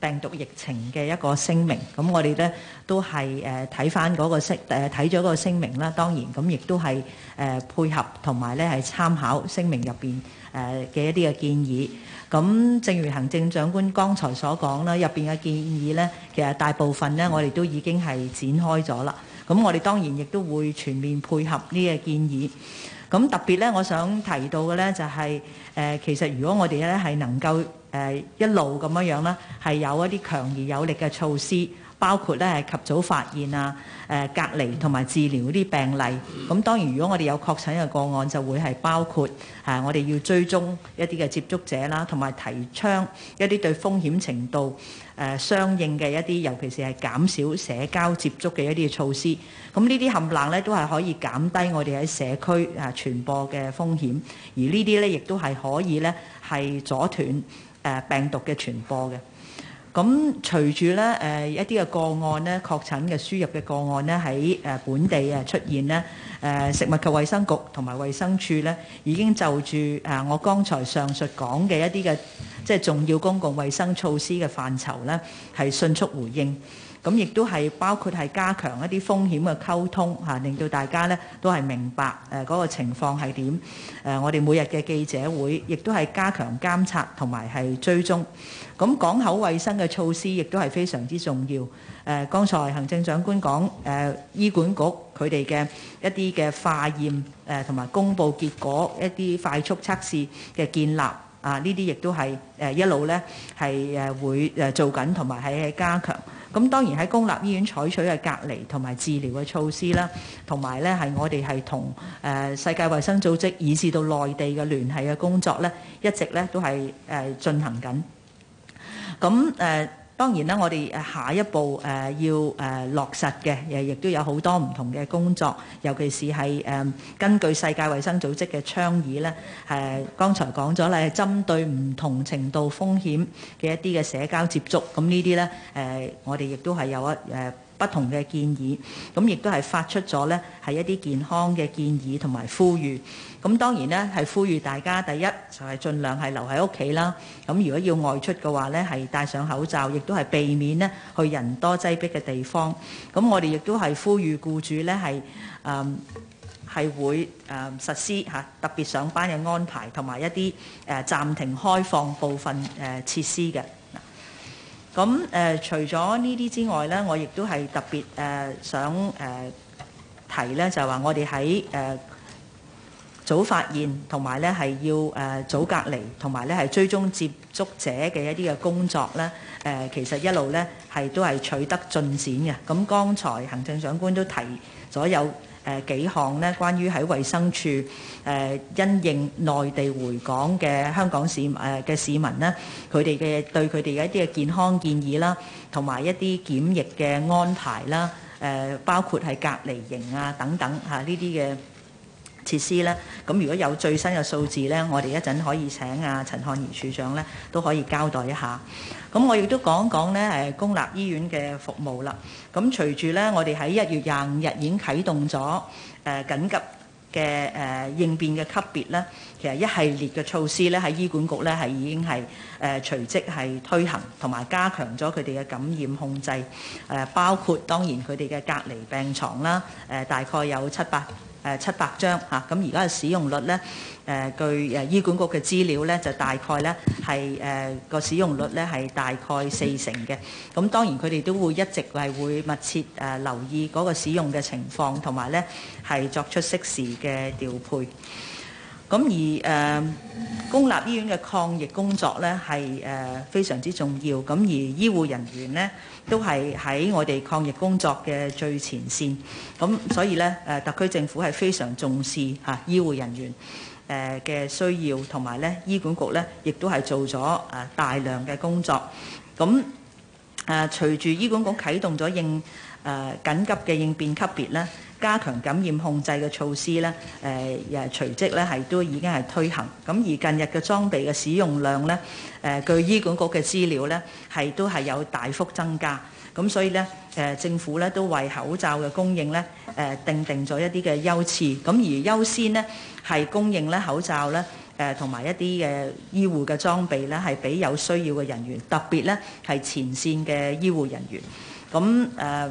病毒疫情嘅一個聲明，咁我哋呢都係誒睇翻嗰個誒睇咗個聲明啦。當然，咁亦都係誒配合同埋呢係參考聲明入邊誒嘅一啲嘅建議。咁正如行政長官剛才所講啦，入邊嘅建議呢，其實大部分呢我哋都已經係展開咗啦。咁我哋當然亦都會全面配合呢個建議。咁特別呢，我想提到嘅呢就係、是、誒、呃，其實如果我哋咧係能夠誒一路咁樣樣咧，係有一啲強而有力嘅措施，包括咧係及早發現啊、誒隔離同埋治療嗰啲病例。咁當然，如果我哋有確診嘅個案，就會係包括誒我哋要追蹤一啲嘅接觸者啦，同埋提倡一啲對風險程度誒相應嘅一啲，尤其是係減少社交接觸嘅一啲嘅措施。咁呢啲冚唪唥咧，都係可以減低我哋喺社區啊傳播嘅風險。而呢啲咧，亦都係可以咧係阻斷誒病毒嘅傳播嘅，咁隨住咧誒一啲嘅個案咧，確診嘅輸入嘅個案咧喺誒本地啊出現咧，誒食物及衛生局同埋衛生署咧已經就住誒我剛才上述講嘅一啲嘅即係重要公共衛生措施嘅範疇咧，係迅速回應。咁亦都係包括係加強一啲風險嘅溝通嚇，令到大家咧都係明白嗰個情況係點。我哋每日嘅記者會亦都係加強監察同埋係追蹤。咁港口衛生嘅措施亦都係非常之重要。剛才行政長官講誒醫管局佢哋嘅一啲嘅化驗誒同埋公佈結果一啲快速測試嘅建立啊，呢啲亦都係一路咧係會做緊同埋係加強。咁當然喺公立醫院採取嘅隔離同埋治療嘅措施啦，同埋咧係我哋係同誒世界衞生組織以至到內地嘅聯繫嘅工作咧，一直咧都係誒、呃、進行緊。咁誒。呃當然啦，我哋誒下一步誒要誒落實嘅，誒亦都有好多唔同嘅工作，尤其是係誒根據世界衛生組織嘅倡議咧，誒剛才講咗啦，係針對唔同程度風險嘅一啲嘅社交接觸，咁呢啲咧誒，我哋亦都係有一誒，不同嘅建議，咁亦都係發出咗呢係一啲健康嘅建議同埋呼籲。咁當然呢係呼籲大家，第一就係儘量係留喺屋企啦。咁如果要外出嘅話呢，係戴上口罩，亦都係避免呢去人多擠逼嘅地方。咁我哋亦都係呼籲僱主呢係誒係會誒實施嚇特別上班嘅安排，同埋一啲誒暫停開放部分誒設施嘅。咁誒，除咗呢啲之外咧，我亦都係特別誒想誒提咧，就係話我哋喺誒早發現同埋咧係要誒早隔離同埋咧係追蹤接觸者嘅一啲嘅工作咧，誒其實一路咧係都係取得進展嘅。咁剛才行政長官都提咗有，誒、呃、幾項咧，關於喺衛生署誒、呃、因應內地回港嘅香港市誒嘅、呃、市民咧，佢哋嘅對佢哋嘅一啲嘅健康建議啦，同埋一啲檢疫嘅安排啦，誒、呃、包括係隔離營啊等等嚇呢啲嘅。啊這些的設施咧，咁如果有最新嘅數字咧，我哋一陣可以請阿陳漢儀處長咧都可以交代一下。咁我亦都講一講咧，誒公立醫院嘅服務啦。咁隨住咧我哋喺一月廿五日已經啟動咗誒緊急嘅誒應變嘅級別咧，其實一系列嘅措施咧喺醫管局咧係已經係誒隨即係推行，同埋加強咗佢哋嘅感染控制。誒包括當然佢哋嘅隔離病床啦，誒大概有七八。誒七百張嚇，咁而家嘅使用率咧，誒、啊、據誒醫管局嘅資料咧，就大概咧係誒個使用率咧係大概四成嘅。咁、啊、當然佢哋都會一直係會密切誒留意嗰個使用嘅情況，同埋咧係作出適時嘅調配。咁而公立醫院嘅抗疫工作咧係非常之重要，咁而醫護人員咧都係喺我哋抗疫工作嘅最前線，咁所以咧特區政府係非常重視嚇醫護人員嘅需要，同埋咧醫管局咧亦都係做咗大量嘅工作，咁隨住醫管局啟動咗應緊急嘅應變級別咧。加強感染控制嘅措施咧，誒、呃、誒隨即咧係都已經係推行。咁而近日嘅裝備嘅使用量咧，誒、呃、據醫管局嘅資料咧，係都係有大幅增加。咁所以咧，誒、呃、政府咧都為口罩嘅供應咧，誒、呃、定定咗一啲嘅優次。咁而優先呢，係供應咧口罩咧，誒同埋一啲嘅醫護嘅裝備咧，係俾有需要嘅人員，特別咧係前線嘅醫護人員。咁誒。呃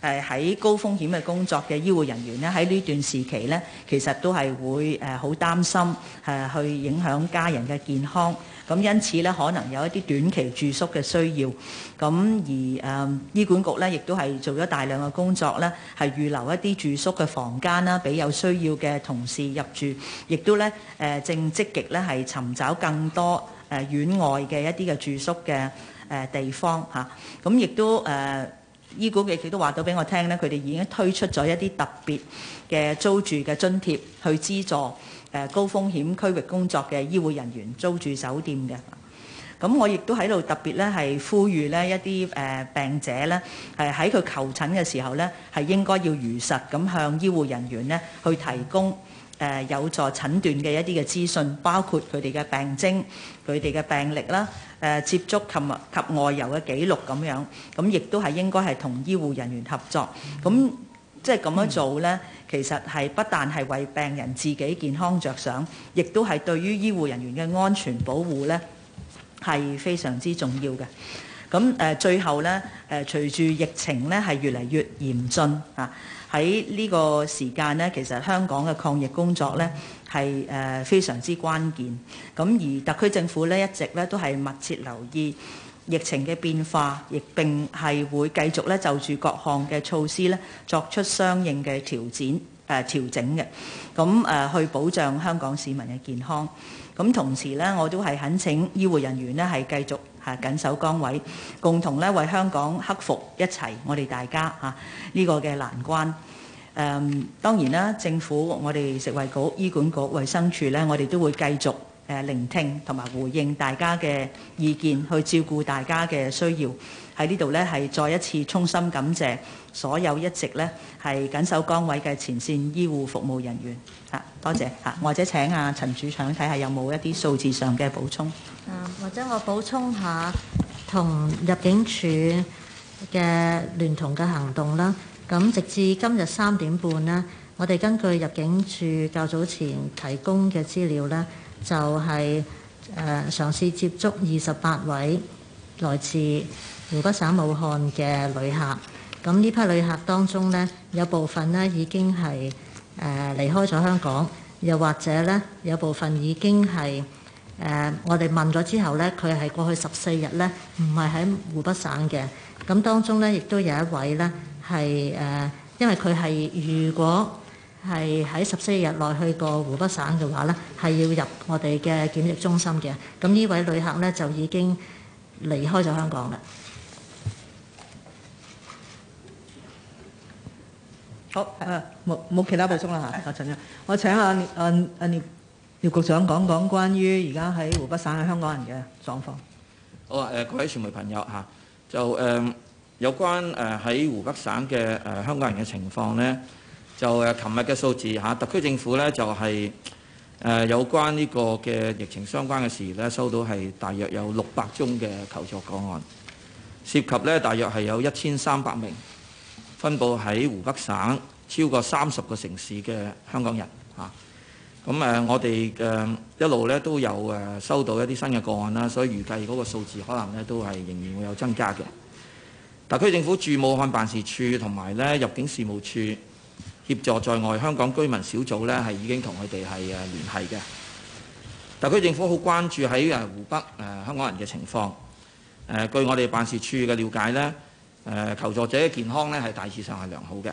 誒喺高風險嘅工作嘅醫護人員咧，喺呢段時期咧，其實都係會誒好擔心誒，去影響家人嘅健康。咁因此咧，可能有一啲短期住宿嘅需要。咁而誒醫管局咧，亦都係做咗大量嘅工作咧，係預留一啲住宿嘅房間啦，俾有需要嘅同事入住。亦都咧誒，正積極咧係尋找更多誒院外嘅一啲嘅住宿嘅誒地方嚇。咁亦都誒。醫管局佢都話到俾我聽咧，佢哋已經推出咗一啲特別嘅租住嘅津貼，去資助誒高風險區域工作嘅醫護人員租住酒店嘅。咁我亦都喺度特別咧，係呼籲咧一啲誒病者咧，誒喺佢求診嘅時候咧，係應該要如實咁向醫護人員咧去提供誒有助診斷嘅一啲嘅資訊，包括佢哋嘅病徵、佢哋嘅病歷啦。誒、呃、接觸及及外遊嘅記錄咁樣，咁亦都係應該係同醫護人員合作，咁即係咁樣做呢，其實係不但係為病人自己健康着想，亦都係對於醫護人員嘅安全保護呢係非常之重要嘅。咁誒、呃、最後呢，誒、呃、隨住疫情呢係越嚟越嚴峻啊，喺呢個時間呢，其實香港嘅抗疫工作呢，Mm-hmm. 係誒非常之關鍵，咁而特區政府咧一直咧都係密切留意疫情嘅變化，亦並係會繼續咧就住各項嘅措施咧作出相應嘅調整誒調整嘅，咁誒去保障香港市民嘅健康。咁同時咧，我都係懇請醫護人員咧係繼續嚇緊守崗位，共同咧為香港克服一齊我哋大家吓呢個嘅難關。誒當然啦，政府我哋食衞局、醫管局、衛生署呢，我哋都會繼續誒聆聽同埋回應大家嘅意見，去照顧大家嘅需要。喺呢度呢，係再一次衷心感謝所有一直呢係緊守崗位嘅前線醫護服務人員。嚇，多謝嚇，或者請阿陳主長睇下有冇一啲數字上嘅補充。或者我補充一下同入境處嘅聯同嘅行動啦。咁直至今日三點半呢，我哋根據入境處較早前提供嘅資料呢，就係、是、誒、呃、嘗試接觸二十八位來自湖北省武漢嘅旅客。咁呢批旅客當中呢，有部分呢已經係誒、呃、離開咗香港，又或者呢，有部分已經係誒、呃、我哋問咗之後呢，佢係過去十四日呢，唔係喺湖北省嘅。咁當中呢，亦都有一位呢。係誒，因為佢係如果係喺十四日內去過湖北省嘅話咧，係要入我哋嘅檢疫中心嘅。咁呢位旅客咧就已經離開咗香港啦。好，誒冇冇其他補充啦嚇，阿陳生，我請阿阿阿聶聶局長講講關於而家喺湖北省嘅香港人嘅狀況。好啊，誒各位傳媒朋友嚇，就誒。有關誒喺湖北省嘅誒香港人嘅情況呢，就誒琴日嘅數字嚇，特區政府呢，就係有關呢個嘅疫情相關嘅事呢，收到係大約有六百宗嘅求助個案，涉及呢大約係有一千三百名分布喺湖北省超過三十個城市嘅香港人嚇。咁誒，我哋一路呢都有誒收到一啲新嘅個案啦，所以預計嗰個數字可能呢都係仍然會有增加嘅。特區政府駐武漢辦事處同埋咧入境事務處協助在外香港居民小組咧係已經同佢哋係誒聯繫嘅。特區政府好關注喺誒湖北誒香港人嘅情況。誒據我哋辦事處嘅了解咧，誒求助者嘅健康咧係大致上係良好嘅。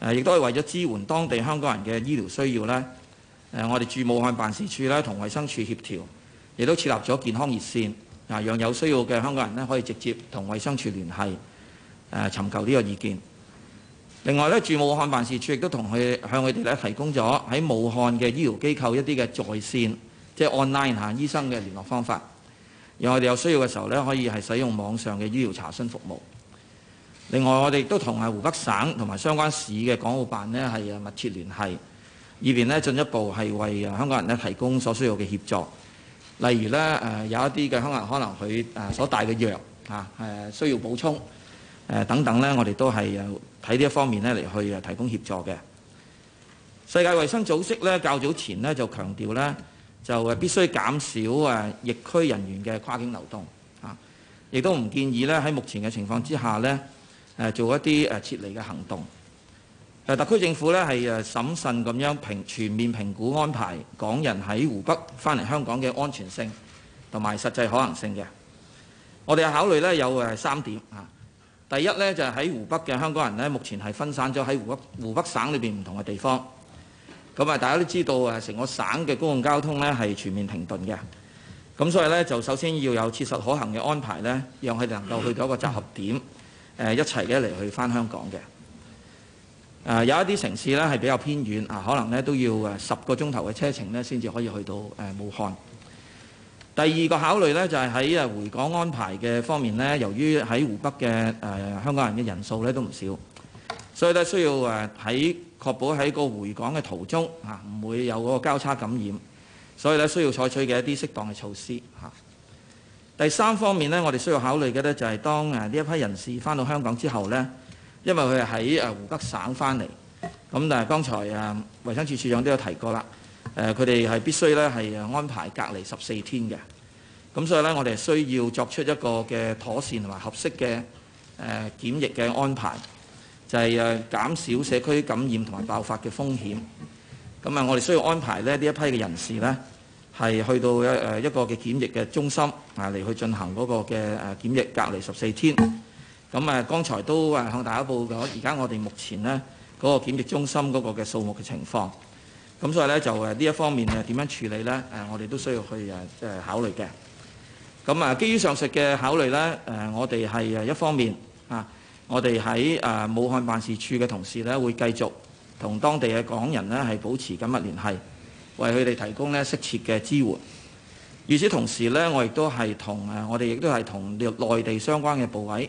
誒亦都係為咗支援當地香港人嘅醫療需要呢，誒我哋駐武漢辦事處咧同衞生署協調，亦都設立咗健康熱線。啊，讓有需要嘅香港人可以直接同衛生署聯繫，尋求呢個意見。另外咧，駐武漢辦事處亦都同佢向佢哋咧提供咗喺武漢嘅醫療機構一啲嘅在線，即係 online 啊醫生嘅聯絡方法。讓我哋有需要嘅時候咧，可以係使用網上嘅醫療查詢服務。另外，我哋亦都同係湖北省同埋相關市嘅港澳辦咧係密切聯繫，以便咧進一步係為香港人提供所需要嘅協助。例如呢，誒有一啲嘅香港可能佢誒所帶嘅藥嚇誒需要補充誒等等。呢我哋都係誒喺呢一方面呢嚟去誒提供協助嘅。世界衞生組織呢較早前呢就強調呢就誒必須減少啊疫區人員嘅跨境流動嚇，亦都唔建議呢喺目前嘅情況之下呢誒做一啲誒撤離嘅行動。特區政府呢係誒審慎咁樣評全面評估安排港人喺湖北翻嚟香港嘅安全性同埋實際可行性嘅。我哋考慮呢有誒三點啊。第一呢，就係喺湖北嘅香港人呢，目前係分散咗喺湖北湖北省裏邊唔同嘅地方。咁啊，大家都知道誒，成個省嘅公共交通呢係全面停頓嘅。咁所以呢，就首先要有切實可行嘅安排呢，讓佢哋能夠去到一個集合點誒，一齊咧嚟去翻香港嘅。誒有一啲城市呢係比較偏遠啊，可能呢都要誒十個鐘頭嘅車程呢，先至可以去到武漢。第二個考慮呢就係喺回港安排嘅方面呢，由於喺湖北嘅香港人嘅人數呢都唔少，所以呢需要誒喺確保喺個回港嘅途中嚇唔會有個交叉感染，所以呢需要採取嘅一啲適當嘅措施。第三方面呢，我哋需要考慮嘅呢就係當誒呢一批人士返到香港之後呢。因為佢係喺誒湖北省翻嚟，咁但係剛才啊，衞生署署長都有提過啦。誒，佢哋係必須咧係安排隔離十四天嘅，咁所以咧我哋需要作出一個嘅妥善同埋合適嘅誒檢疫嘅安排，就係誒減少社區感染同埋爆發嘅風險。咁啊，我哋需要安排咧呢一批嘅人士咧係去到一誒一個嘅檢疫嘅中心啊嚟去進行嗰個嘅誒檢疫隔離十四天。咁啊，剛才都啊向大家報告咗，而家我哋目前咧嗰個檢疫中心嗰個嘅數目嘅情況。咁所以咧就誒呢一方面誒點樣處理咧誒，我哋都需要去誒誒考慮嘅。咁啊，基於上述嘅考慮咧，誒我哋係一方面啊，我哋喺誒武漢辦事處嘅同事咧會繼續同當地嘅港人咧係保持緊密聯繫，為佢哋提供咧適切嘅支援。與此同時咧，我亦都係同誒我哋亦都係同內地相關嘅部委。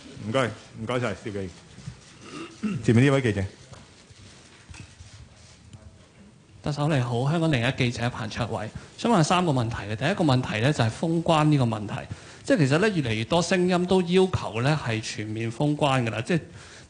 唔該，唔該晒。攝記前面呢位記者，特首你好，香港另一記者彭卓偉，想問三個問題嘅。第一個問題咧就係、是、封關呢個問題，即係其實咧越嚟越多聲音都要求咧係全面封關嘅啦，即係。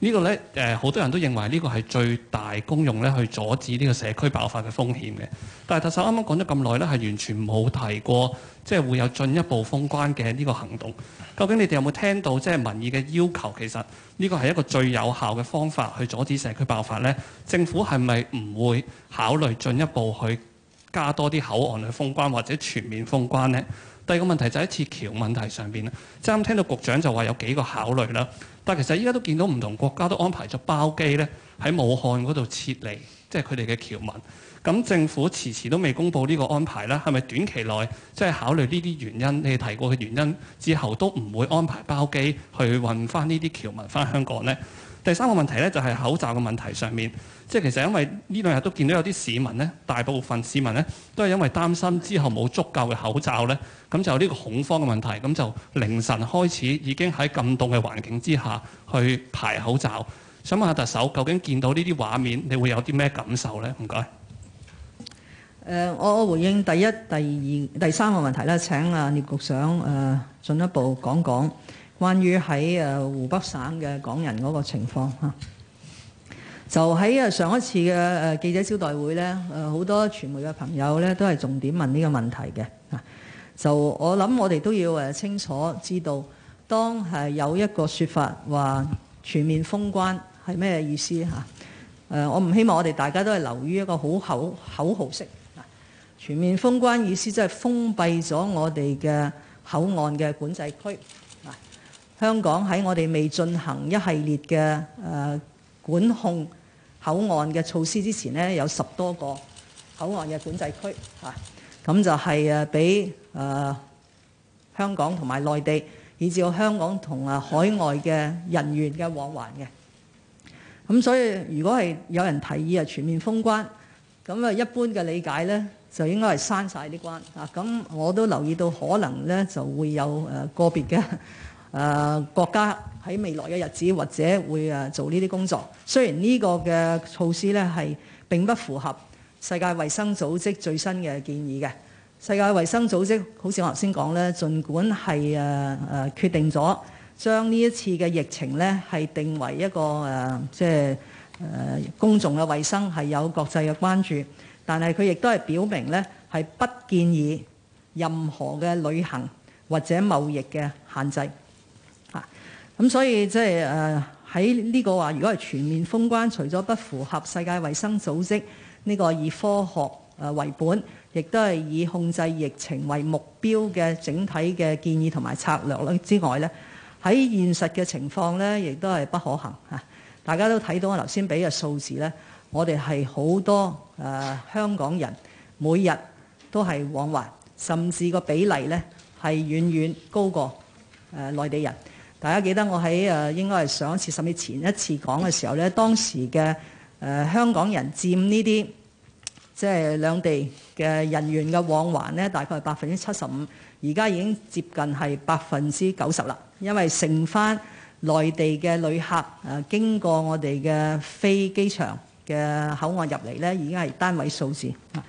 呢個呢，呃，好多人都認為呢個係最大功用呢去阻止呢個社區爆發嘅風險嘅。但係特首啱啱講咗咁耐呢，係完全冇提過，即係會有進一步封關嘅呢個行動。究竟你哋有冇聽到，即係民意嘅要求？其實呢個係一個最有效嘅方法去阻止社區爆發呢？政府係咪唔會考慮進一步去加多啲口岸去封關，或者全面封關呢？第二個問題就喺撤僑問題上邊啦，啱啱聽到局長就話有幾個考慮啦，但其實依家都見到唔同國家都安排咗包機咧，喺武漢嗰度撤離，即係佢哋嘅僑民。咁政府遲遲都未公布呢個安排啦，係咪短期內即係考慮呢啲原因？你哋提過嘅原因之後都唔會安排包機去運翻呢啲僑民翻香港咧？第三個問題咧就係、是、口罩嘅問題上面，即係其實因為呢兩日都見到有啲市民咧，大部分市民咧都係因為擔心之後冇足夠嘅口罩咧，咁就呢個恐慌嘅問題，咁就凌晨開始已經喺咁凍嘅環境之下去排口罩。想問下特首，究竟見到呢啲畫面，你會有啲咩感受咧？唔該。誒、呃，我我回應第一、第二、第三個問題咧，請啊聶局長誒、呃、進一步講講。關於喺誒湖北省嘅港人嗰個情況嚇，就喺誒上一次嘅誒記者招待會呢，誒好多傳媒嘅朋友呢都係重點問呢個問題嘅啊。就我諗，我哋都要誒清楚知道，當係有一個説法話全面封關係咩意思嚇？誒，我唔希望我哋大家都係流於一個好口口號式啊。全面封關意思即係封閉咗我哋嘅口岸嘅管制區。香港喺我哋未進行一系列嘅誒管控口岸嘅措施之前呢，有十多個口岸嘅管制區嚇，咁就係誒俾誒香港同埋內地，以至香港同啊海外嘅人員嘅往還嘅。咁所以如果係有人提議啊全面封關，咁啊一般嘅理解呢，就應該係閂晒啲關啊。咁我都留意到可能呢就會有誒個別嘅。誒、呃、國家喺未來嘅日子或者會誒做呢啲工作，雖然呢個嘅措施呢係並不符合世界衛生組織最新嘅建議嘅。世界衛生組織好似我頭先講咧，儘管係、呃呃、決定咗將呢一次嘅疫情呢係定為一個、呃、即係、呃、公眾嘅衛生係有國際嘅關注，但係佢亦都係表明呢係不建議任何嘅旅行或者貿易嘅限制。咁所以即係誒喺呢個話，如果係全面封關，除咗不符合世界衛生組織呢個以科學誒為本，亦都係以控制疫情為目標嘅整體嘅建議同埋策略咧之外咧，喺現實嘅情況咧，亦都係不可行嚇。大家都睇到我頭先俾嘅數字咧，我哋係好多誒香港人每日都係往還，甚至個比例咧係遠遠高過誒內地人。大家記得我喺誒應該係上一次甚至前一次講嘅時候咧，當時嘅誒、呃、香港人佔呢啲即係兩地嘅人員嘅往還咧，大概係百分之七十五。而家已經接近係百分之九十啦，因為剩翻內地嘅旅客誒、呃、經過我哋嘅飛機場嘅口岸入嚟咧，已經係單位數字。咁、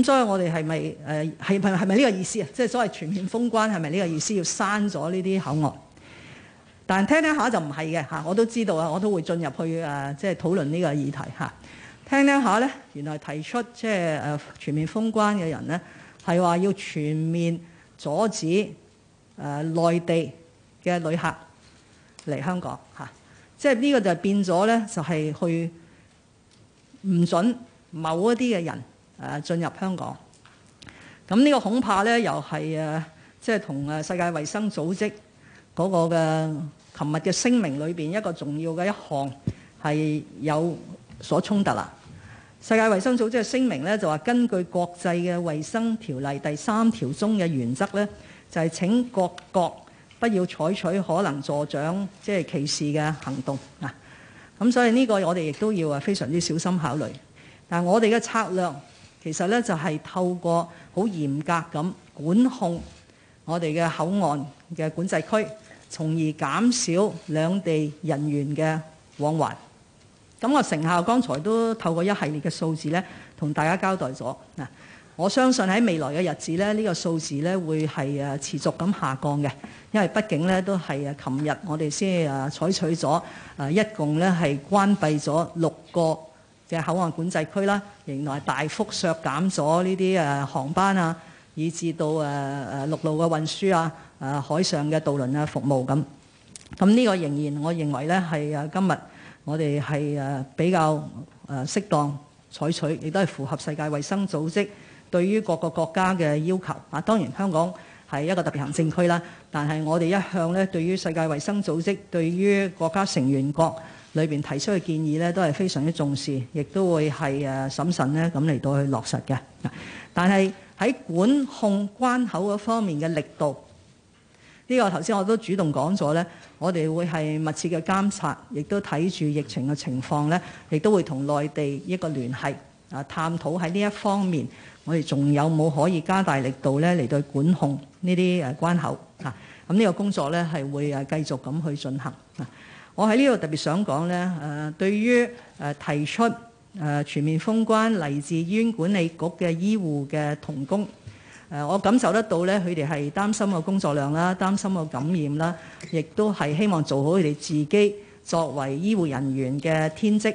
啊、所以我哋係咪誒係係係咪呢個意思啊？即、就、係、是、所謂全面封關係咪呢個意思？要刪咗呢啲口岸？但聽聽下就唔係嘅嚇，我都知道啊，我都會進入去誒，即係討論呢個議題嚇。聽聽下咧，原來提出即係誒全面封關嘅人咧，係話要全面阻止誒內地嘅旅客嚟香港嚇，即係呢個就變咗咧，就係、是、去唔準某一啲嘅人誒進入香港。咁、這、呢個恐怕咧，又係誒即係同誒世界衞生組織。嗰個嘅琴日嘅聲明裏面，一個重要嘅一項係有所衝突啦。世界衞生組織嘅聲明呢，就話，根據國際嘅衞生條例第三條中嘅原則呢，就係請各國不要採取可能助長即係歧視嘅行動。咁所以呢個我哋亦都要啊非常之小心考慮。但我哋嘅策略其實呢，就係透過好嚴格咁管控我哋嘅口岸嘅管制區。從而減少兩地人員嘅往還，咁我成效剛才都透過一系列嘅數字呢，同大家交代咗嗱。我相信喺未來嘅日子呢，呢個數字呢會係誒持續咁下降嘅，因為畢竟呢都係誒琴日我哋先係誒採取咗誒一共呢係關閉咗六個嘅口岸管制區啦，仍然大幅削減咗呢啲誒航班啊，以至到誒誒陸路嘅運輸啊。呃、海上嘅渡輪，服務，咁，咁，呢個仍然我認為呢，係，今日，我哋係，呃，比較，呃，適當，採取，亦都係符合世界衛生組織，對於各個國家嘅要求。當然，香港係一個特別行政區啦，但係我哋一向呢，對於世界衛生組織，對於國家成員國，裏面提出嘅建議呢，都係非常之重視，亦都會，係，呃，審慎呢，咁，嚟到去落實嘅。但係，喺管控關口嗰方面嘅力度，這樣。呢、個頭先我都主動講咗呢，我哋會係密切嘅監察，亦都睇住疫情嘅情況，呢亦都會同內地一個聯繫啊，探討喺呢一方面，我哋仲有冇可以加大力度呢嚟到管控呢啲誒關口啊？咁呢個工作呢係會誒繼續咁去進行。我喺呢度特別想講呢，誒，對於誒提出誒全面封關嚟自醫院管理局嘅醫護嘅同工。誒，我感受得到咧，佢哋係擔心個工作量啦，擔心個感染啦，亦都係希望做好佢哋自己作為醫護人員嘅天職。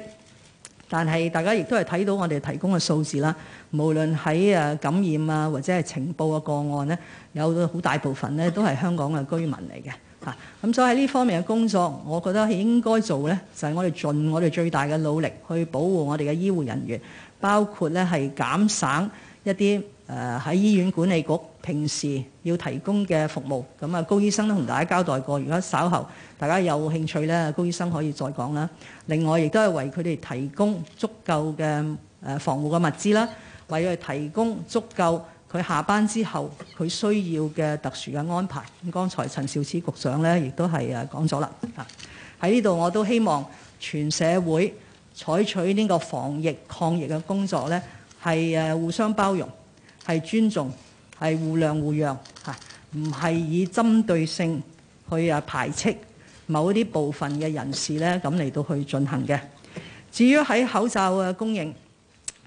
但係大家亦都係睇到我哋提供嘅數字啦，無論喺誒感染啊，或者係呈報嘅個案呢，有好大部分呢都係香港嘅居民嚟嘅嚇。咁所以喺呢方面嘅工作，我覺得應該做呢，就係我哋盡我哋最大嘅努力去保護我哋嘅醫護人員，包括呢係減省一啲。誒喺醫院管理局平時要提供嘅服務，咁啊高醫生都同大家交代過。如果稍後大家有興趣呢，高醫生可以再講啦。另外，亦都係為佢哋提供足夠嘅誒防護嘅物資啦，為佢提供足夠佢下班之後佢需要嘅特殊嘅安排。咁，剛才陳肇始局長呢亦都係誒講咗啦。喺呢度我都希望全社會採取呢個防疫抗疫嘅工作呢，係互相包容。係尊重，係互諒互讓嚇，唔係以針對性去啊排斥某一啲部分嘅人士咧，咁嚟到去進行嘅。至於喺口罩嘅供應，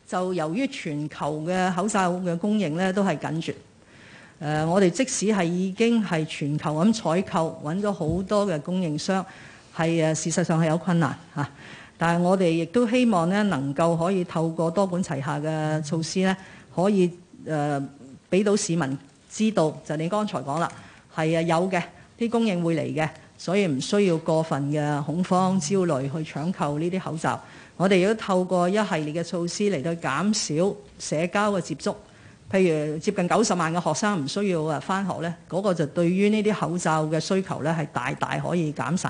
就由於全球嘅口罩嘅供應咧都係緊絕。我哋即使係已經係全球咁採購，揾咗好多嘅供應商，係事實上係有困難嚇。但係我哋亦都希望咧能夠可以透過多管齊下嘅措施咧，可以。誒、呃、俾到市民知道，就你剛才講啦，係啊有嘅，啲供應會嚟嘅，所以唔需要過分嘅恐慌焦慮去搶購呢啲口罩。我哋亦都透過一系列嘅措施嚟到減少社交嘅接觸，譬如接近九十萬嘅學生唔需要啊翻學呢，嗰、那個就對於呢啲口罩嘅需求呢係大大可以減省。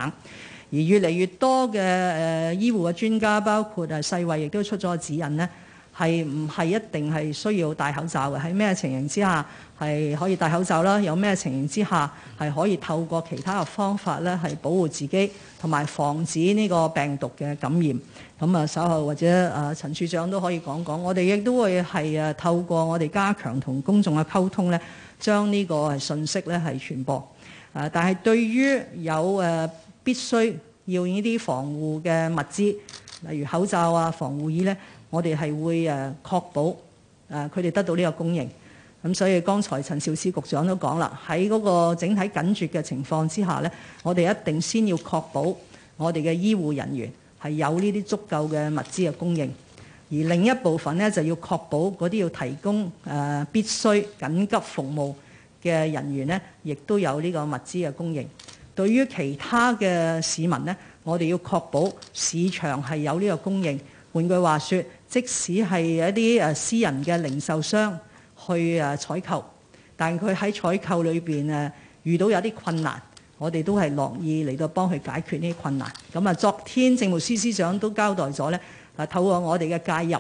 而越嚟越多嘅醫護嘅專家，包括世衛亦都出咗指引呢。係唔係一定係需要戴口罩嘅？喺咩情形之下係可以戴口罩啦？有咩情形之下係可以透過其他嘅方法咧係保護自己同埋防止呢個病毒嘅感染咁啊？稍後或者啊陳處長都可以講講。我哋亦都會係啊透過我哋加強同公眾嘅溝通咧，將呢個係訊息咧係傳播啊。但係對於有誒必須要呢啲防護嘅物資，例如口罩啊、防護衣咧。我哋係會誒確保誒佢哋得到呢個供應。咁所以剛才陳肇始局長都講啦，喺嗰個整體緊絀嘅情況之下呢，我哋一定先要確保我哋嘅醫護人員係有呢啲足夠嘅物資嘅供應。而另一部分呢，就要確保嗰啲要提供誒必須緊急服務嘅人員呢，亦都有呢個物資嘅供應。對於其他嘅市民呢，我哋要確保市場係有呢個供應。換句話說，即使係一啲誒私人嘅零售商去誒採購，但佢喺採購裏邊誒遇到有啲困難，我哋都係樂意嚟到幫佢解決呢啲困難。咁啊，昨天政務司司長都交代咗呢，透過我哋嘅介入，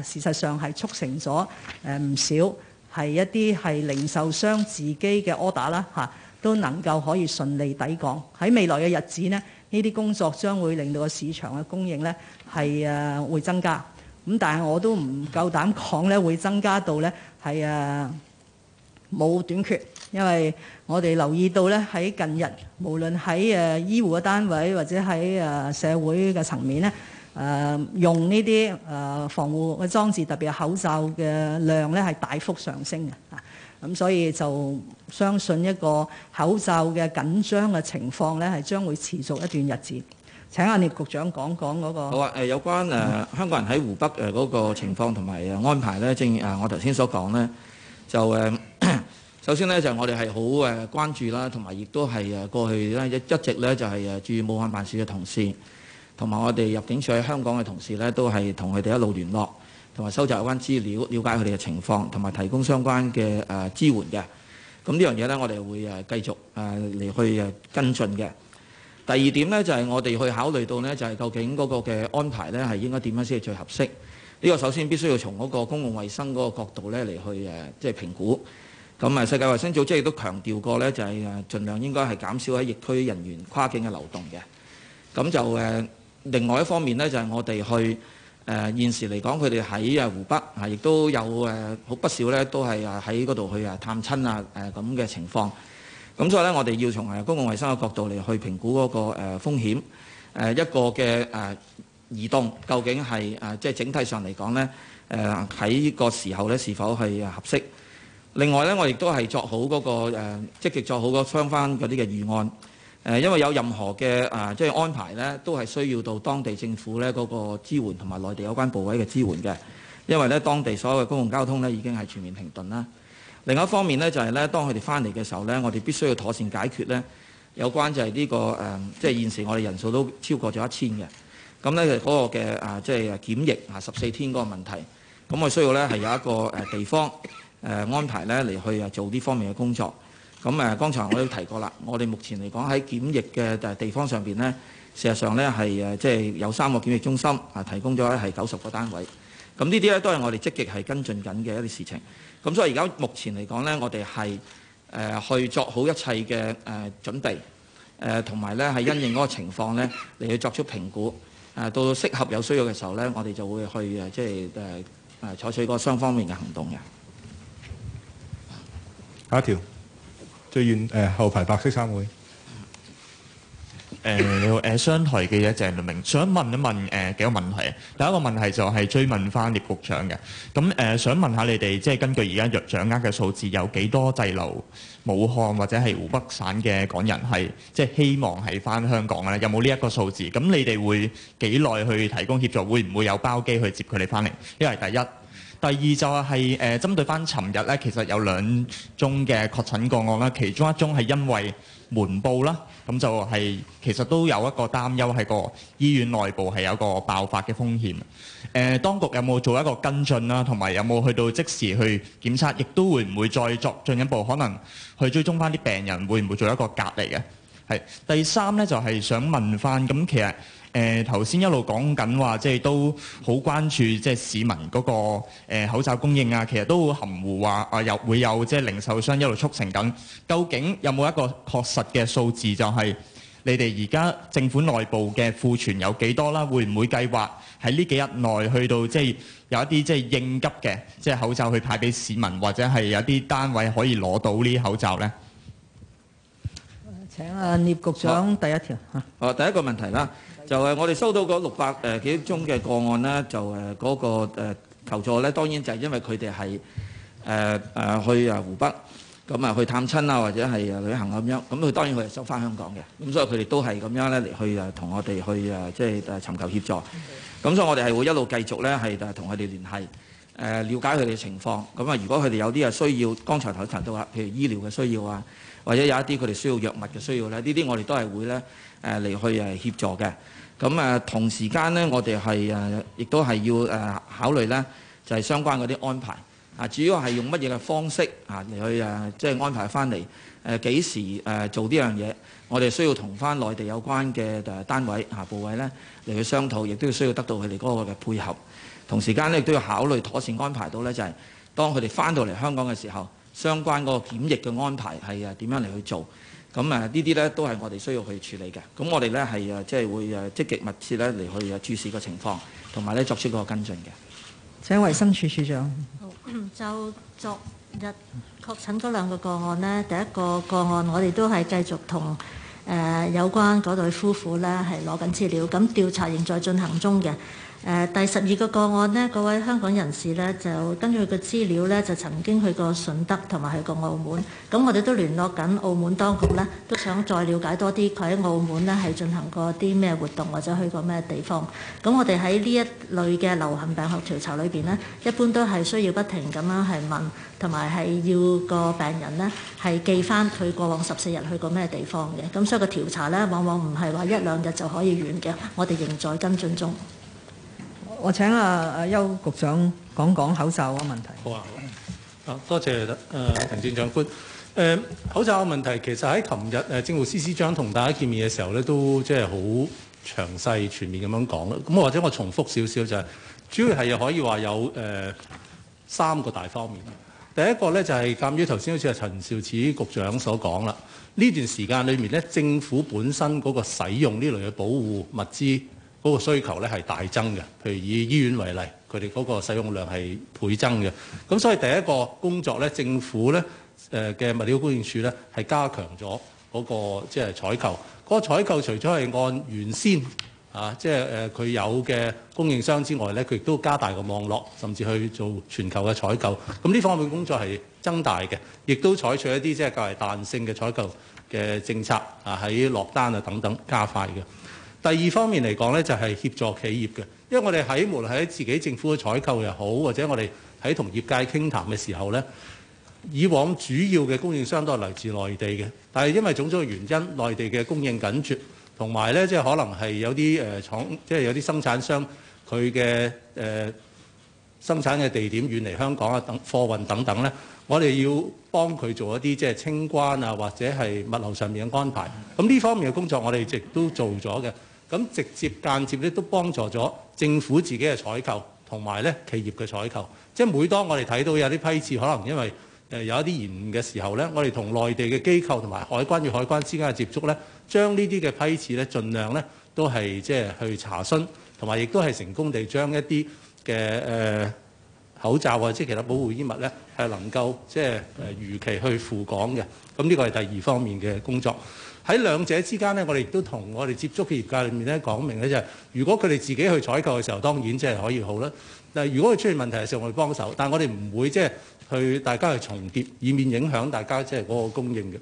誒事實上係促成咗誒唔少係一啲係零售商自己嘅 order 啦嚇，都能夠可以順利抵港。喺未來嘅日子呢，呢啲工作將會令到個市場嘅供應呢係誒會增加。咁但係我都唔夠膽講咧，會增加到咧係誒冇短缺，因為我哋留意到咧喺近日，無論喺誒醫護嘅單位或者喺誒社會嘅層面咧，誒用呢啲誒防護嘅裝置，特別係口罩嘅量咧係大幅上升嘅嚇。咁所以就相信一個口罩嘅緊張嘅情況咧係將會持續一段日子。請阿聶局長講講嗰個。好啊，誒有關誒香港人喺湖北誒嗰個情況同埋誒安排咧，正如誒我頭先所講咧，就誒首先咧就我哋係好誒關注啦，同埋亦都係誒過去咧一一直咧就係誒注意武漢辦事嘅同事，同埋我哋入境處喺香港嘅同事咧，都係同佢哋一路聯絡，同埋收集有關資料，瞭解佢哋嘅情況，同埋提供相關嘅誒支援嘅。咁呢樣嘢咧，我哋會誒繼續誒嚟去誒跟進嘅。第二點呢，就係我哋去考慮到呢，就係究竟嗰個嘅安排呢，係應該點樣先係最合適？呢個首先必須要從嗰個公共衛生嗰個角度呢嚟去即係評估。咁啊，世界衛生組織亦都強調過呢，就係誒儘量應該係減少喺疫區人員跨境嘅流動嘅。咁就誒另外一方面呢，就係我哋去誒現時嚟講，佢哋喺湖北啊，亦都有誒好不少呢，都係啊喺嗰度去啊探親啊誒咁嘅情況。咁所以咧，我哋要從啊公共衞生嘅角度嚟去評估嗰個誒風險，誒一個嘅誒移動，究竟係誒即係整體上嚟講咧，誒喺呢個時候咧是否係合適？另外咧，我亦都係作好嗰個誒積極作好相關嗰啲嘅預案。誒，因為有任何嘅誒即係安排咧，都係需要到當地政府咧嗰個支援同埋內地有關部委嘅支援嘅。因為咧，當地所有嘅公共交通咧已經係全面停頓啦。另外一方面呢，就係呢，當佢哋翻嚟嘅時候呢，我哋必須要妥善解決呢有關就係呢、呢個誒、呃，即係現時我哋人數都超過咗一千嘅。咁、嗯、呢，嗰、那個嘅啊，即、就、係、是、檢疫啊，十四天嗰個問題，咁、嗯、我需要呢，係有一個誒地方誒、呃、安排呢嚟去啊做呢方面嘅工作。咁、嗯、誒，剛才我都提過啦，我哋目前嚟講喺檢疫嘅地方上邊呢，事實上呢係誒即係有三個檢疫中心啊，提供咗係九十個單位。咁呢啲咧都係我哋積極係跟進緊嘅一啲事情，咁所以而家目前嚟講咧，我哋係誒去作好一切嘅誒準備，誒同埋咧係因應嗰個情況咧嚟去作出評估，誒到適合有需要嘅時候咧，我哋就會去誒即係誒誒採取個雙方面嘅行動嘅。下一條最遠誒後排白色衫會。誒，有誒商台嘅記者鄭明，想問一問誒幾個問題。第一個問題就係追問翻聶局長嘅。咁誒，想問下你哋，即係根據而家若掌握嘅數字，有幾多滯留武漢或者係湖北省嘅港人係即係希望係翻香港嘅咧？有冇呢一個數字？咁你哋會幾耐去提供協助？會唔會有包機去接佢哋翻嚟？呢個係第一。第二就係誒針對翻尋日咧，其實有兩宗嘅確診個案啦，其中一宗係因為。門布啦，咁就係其實都有一個擔憂，係個醫院內部係有一個爆發嘅風險。誒，當局有冇做一個跟進啦？同埋有冇去到即時去檢測？亦都會唔會再作進一步可能去追蹤翻啲病人，會唔會做一個隔離嘅？係第三呢，就係想問翻咁其實。誒頭先一路講緊話，即係都好關注即係市民嗰個口罩供應啊。其實都會含糊話啊，有會有即係零售商一路促成緊。究竟有冇一個確實嘅數字，就係你哋而家政府內部嘅庫存有幾多啦？會唔會計劃喺呢幾日內去到即係有一啲即係應急嘅即係口罩去派俾市民，或者係有啲單位可以攞到呢啲口罩咧？請阿、啊、聶局長、啊、第一條嚇。哦、啊啊，第一個問題啦。就係我哋收到個六百誒幾多宗嘅個案咧，就誒嗰、那個、呃、求助咧，當然就係因為佢哋係誒誒去啊湖北，咁、呃、啊去探親啊或者係旅行咁樣，咁、嗯、佢當然佢係收翻香港嘅，咁、嗯、所以佢哋都係咁樣咧嚟去啊同我哋去啊、呃、即係誒尋求協助，咁、okay. 嗯、所以我哋係會一路繼續咧係同佢哋聯繫誒了解佢哋嘅情況，咁、嗯、啊如果佢哋有啲啊需要，剛才頭一談到啊，譬如醫療嘅需要啊，或者有一啲佢哋需要藥物嘅需要咧，呢啲我哋都係會咧誒嚟去誒協助嘅。咁啊，同時間咧，我哋係亦都係要考慮咧，就係相關嗰啲安排啊，主要係用乜嘢嘅方式啊嚟去即係安排翻嚟幾時做呢樣嘢？我哋需要同翻內地有關嘅單位啊部委咧嚟去商討，亦都要需要得到佢哋嗰個嘅配合。同時間咧，亦都要考慮妥善安排到咧，就係當佢哋翻到嚟香港嘅時候，相關嗰個檢疫嘅安排係誒點樣嚟去做？咁呢啲咧都係我哋需要去處理嘅。咁我哋咧係即係會誒積極密切咧嚟去注視個情況，同埋咧作出個跟進嘅。請衞生署署長。好，就昨日確診嗰兩個個案呢，第一個個案我哋都係繼續同、呃、有關嗰對夫婦咧係攞緊資料，咁調查仍在進行中嘅。誒第十二個個案呢，嗰位香港人士呢，就根據佢個資料呢，就曾經去過順德同埋去過澳門。咁我哋都聯絡緊澳門當局呢，都想再了解多啲佢喺澳門呢，係進行過啲咩活動，或者去過咩地方。咁我哋喺呢一類嘅流行病學調查裏邊呢，一般都係需要不停咁樣係問，同埋係要個病人呢，係記翻佢過往十四日去過咩地方嘅。咁所以個調查呢，往往唔係話一兩日就可以完嘅，我哋仍在跟進中。我請阿阿邱局長講講口罩嘅問題。好啊，啊多謝誒行政長官。誒、呃、口罩嘅問題其實喺琴日誒政務司司長同大家見面嘅時候咧，都即係好詳細全面咁樣講啦。咁或者我重複少少就係、是，主要係可以話有誒、呃、三個大方面。第一個咧就係、是、鑑於頭先好似阿陳肇始局長所講啦，呢段時間裏面咧，政府本身嗰個使用呢類嘅保護物資。嗰個需求咧係大增嘅，譬如以醫院為例，佢哋嗰個使用量係倍增嘅。咁所以第一個工作咧，政府咧，誒嘅物料供應處咧，係加強咗嗰個即係採購。嗰個採購除咗係按原先啊，即係誒佢有嘅供應商之外咧，佢亦都加大個網絡，甚至去做全球嘅採購。咁呢方面工作係增大嘅，亦都採取一啲即係較為彈性嘅採購嘅政策啊，喺落單啊等等加快嘅。第二方面嚟講呢就係協助企業嘅，因為我哋喺無論喺自己政府嘅採購又好，或者我哋喺同業界傾談嘅時候呢，以往主要嘅供應商都係嚟自內地嘅，但係因為種種原因，內地嘅供應緊缺，同埋呢即係可能係有啲誒廠，即係有啲生產商佢嘅誒生產嘅地點遠離香港啊，等貨運等等呢我哋要幫佢做一啲即係清關啊，或者係物流上面嘅安排。咁呢方面嘅工作，我哋亦都做咗嘅。咁直接間接咧都幫助咗政府自己嘅採購，同埋咧企業嘅採購。即係每當我哋睇到有啲批次可能因為誒有一啲延誤嘅時候咧，我哋同內地嘅機構同埋海關與海關之間嘅接觸咧，將呢啲嘅批次咧，盡量咧都係即係去查詢，同埋亦都係成功地將一啲嘅誒口罩或者其他保護衣物咧係能夠即係誒如期去赴港嘅。咁呢個係第二方面嘅工作。喺兩者之間呢，我哋亦都同我哋接觸嘅業界裏面咧講明咧就係，如果佢哋自己去採購嘅時候，當然即係可以好啦。但係如果佢出現問題嘅時候，我哋幫手，但我哋唔會即係去大家去重疊，以免影響大家即係嗰個供應嘅。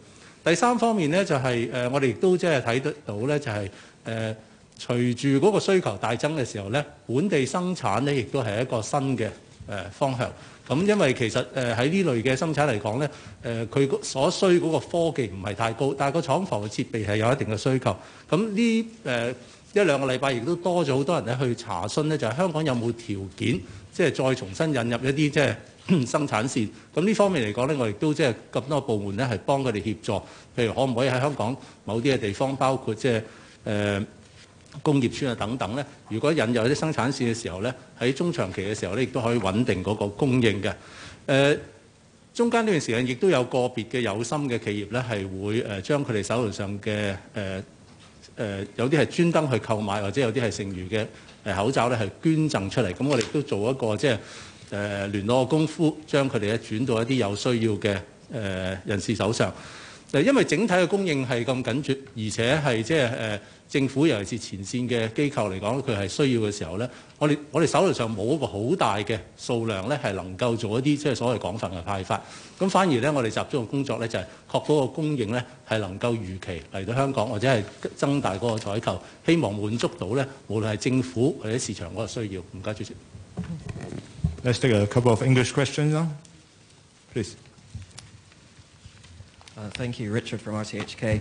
第三方面呢，就係誒，我哋亦都即係睇得到呢，就係誒隨住嗰個需求大增嘅時候呢，本地生產呢亦都係一個新嘅誒方向。咁因為其實誒喺呢類嘅生產嚟講咧，誒佢所需嗰個科技唔係太高，但係個廠房嘅設備係有一定嘅需求。咁呢誒一兩個禮拜亦都多咗好多人咧去查詢咧，就係香港有冇條件即係再重新引入一啲即係生產線。咁呢方面嚟講咧，我亦都即係咁多部門咧係幫佢哋協助，譬如可唔可以喺香港某啲嘅地方，包括即係誒。工業村啊等等咧，如果引入一啲生產線嘅時候咧，喺中長期嘅時候咧，亦都可以穩定嗰個供應嘅。誒、呃，中間呢段時間亦都有個別嘅有心嘅企業咧，係會誒將佢哋手頭上嘅誒誒有啲係專登去購買，或者有啲係剩餘嘅誒口罩咧，係捐贈出嚟。咁我哋亦都做一個即係誒聯絡嘅功夫，將佢哋咧轉到一啲有需要嘅誒人士手上。誒、呃，因為整體嘅供應係咁緊張，而且係即係誒。呃政府尤其是前線嘅機構嚟講，佢係需要嘅時候呢，我哋我哋手頭上冇一個好大嘅數量咧，係能夠做一啲即係所謂廣泛嘅派發。咁反而咧，我哋集中嘅工作呢就係確保嗰個供應咧係能夠預期嚟到香港，或者係增大嗰個採購，希望滿足到呢，無論係政府或者市場嗰個需要。唔該，主席。Let's take a couple of English questions, now please. Uh, thank you, Richard from RTHK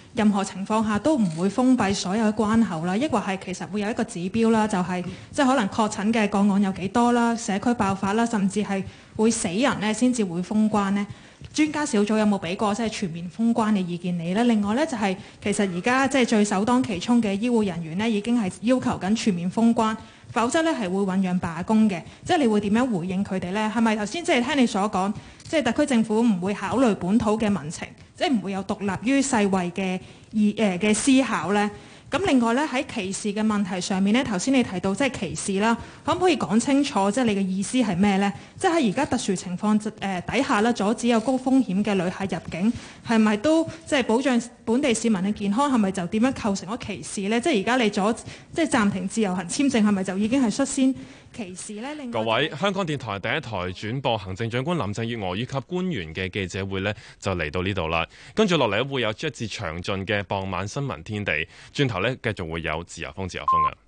任何情況下都唔會封閉所有嘅關口啦，亦或係其實會有一個指標啦，就係即係可能確診嘅個案有幾多啦、社區爆發啦，甚至係會死人咧先至會封關呢。專家小組有冇俾過即係、就是、全面封關嘅意見你呢？另外呢，就係其實而家即係最首當其衝嘅醫護人員呢，已經係要求緊全面封關，否則呢係會醞釀罷工嘅。即、就、係、是、你會點樣回應佢哋呢？係咪頭先即係聽你所講，即、就、係、是、特區政府唔會考慮本土嘅民情？即唔會有獨立於世衛嘅二誒嘅思考呢。咁另外呢，喺歧視嘅問題上面呢，頭先你提到即係歧視啦，可唔可以講清楚即係你嘅意思係咩呢？即係喺而家特殊情況誒底下咧，阻止有高風險嘅旅客入境，係咪都即係保障本地市民嘅健康？係咪就點樣構成咗歧視呢？即係而家你阻止即係暫停自由行簽證，係咪就已經係率先？呢各位香港電台第一台轉播行政長官林鄭月娥以及官員嘅記者會呢，就嚟到呢度啦。跟住落嚟會有一節詳盡嘅傍晚新聞天地。轉頭呢，繼續會有自由風，自由風。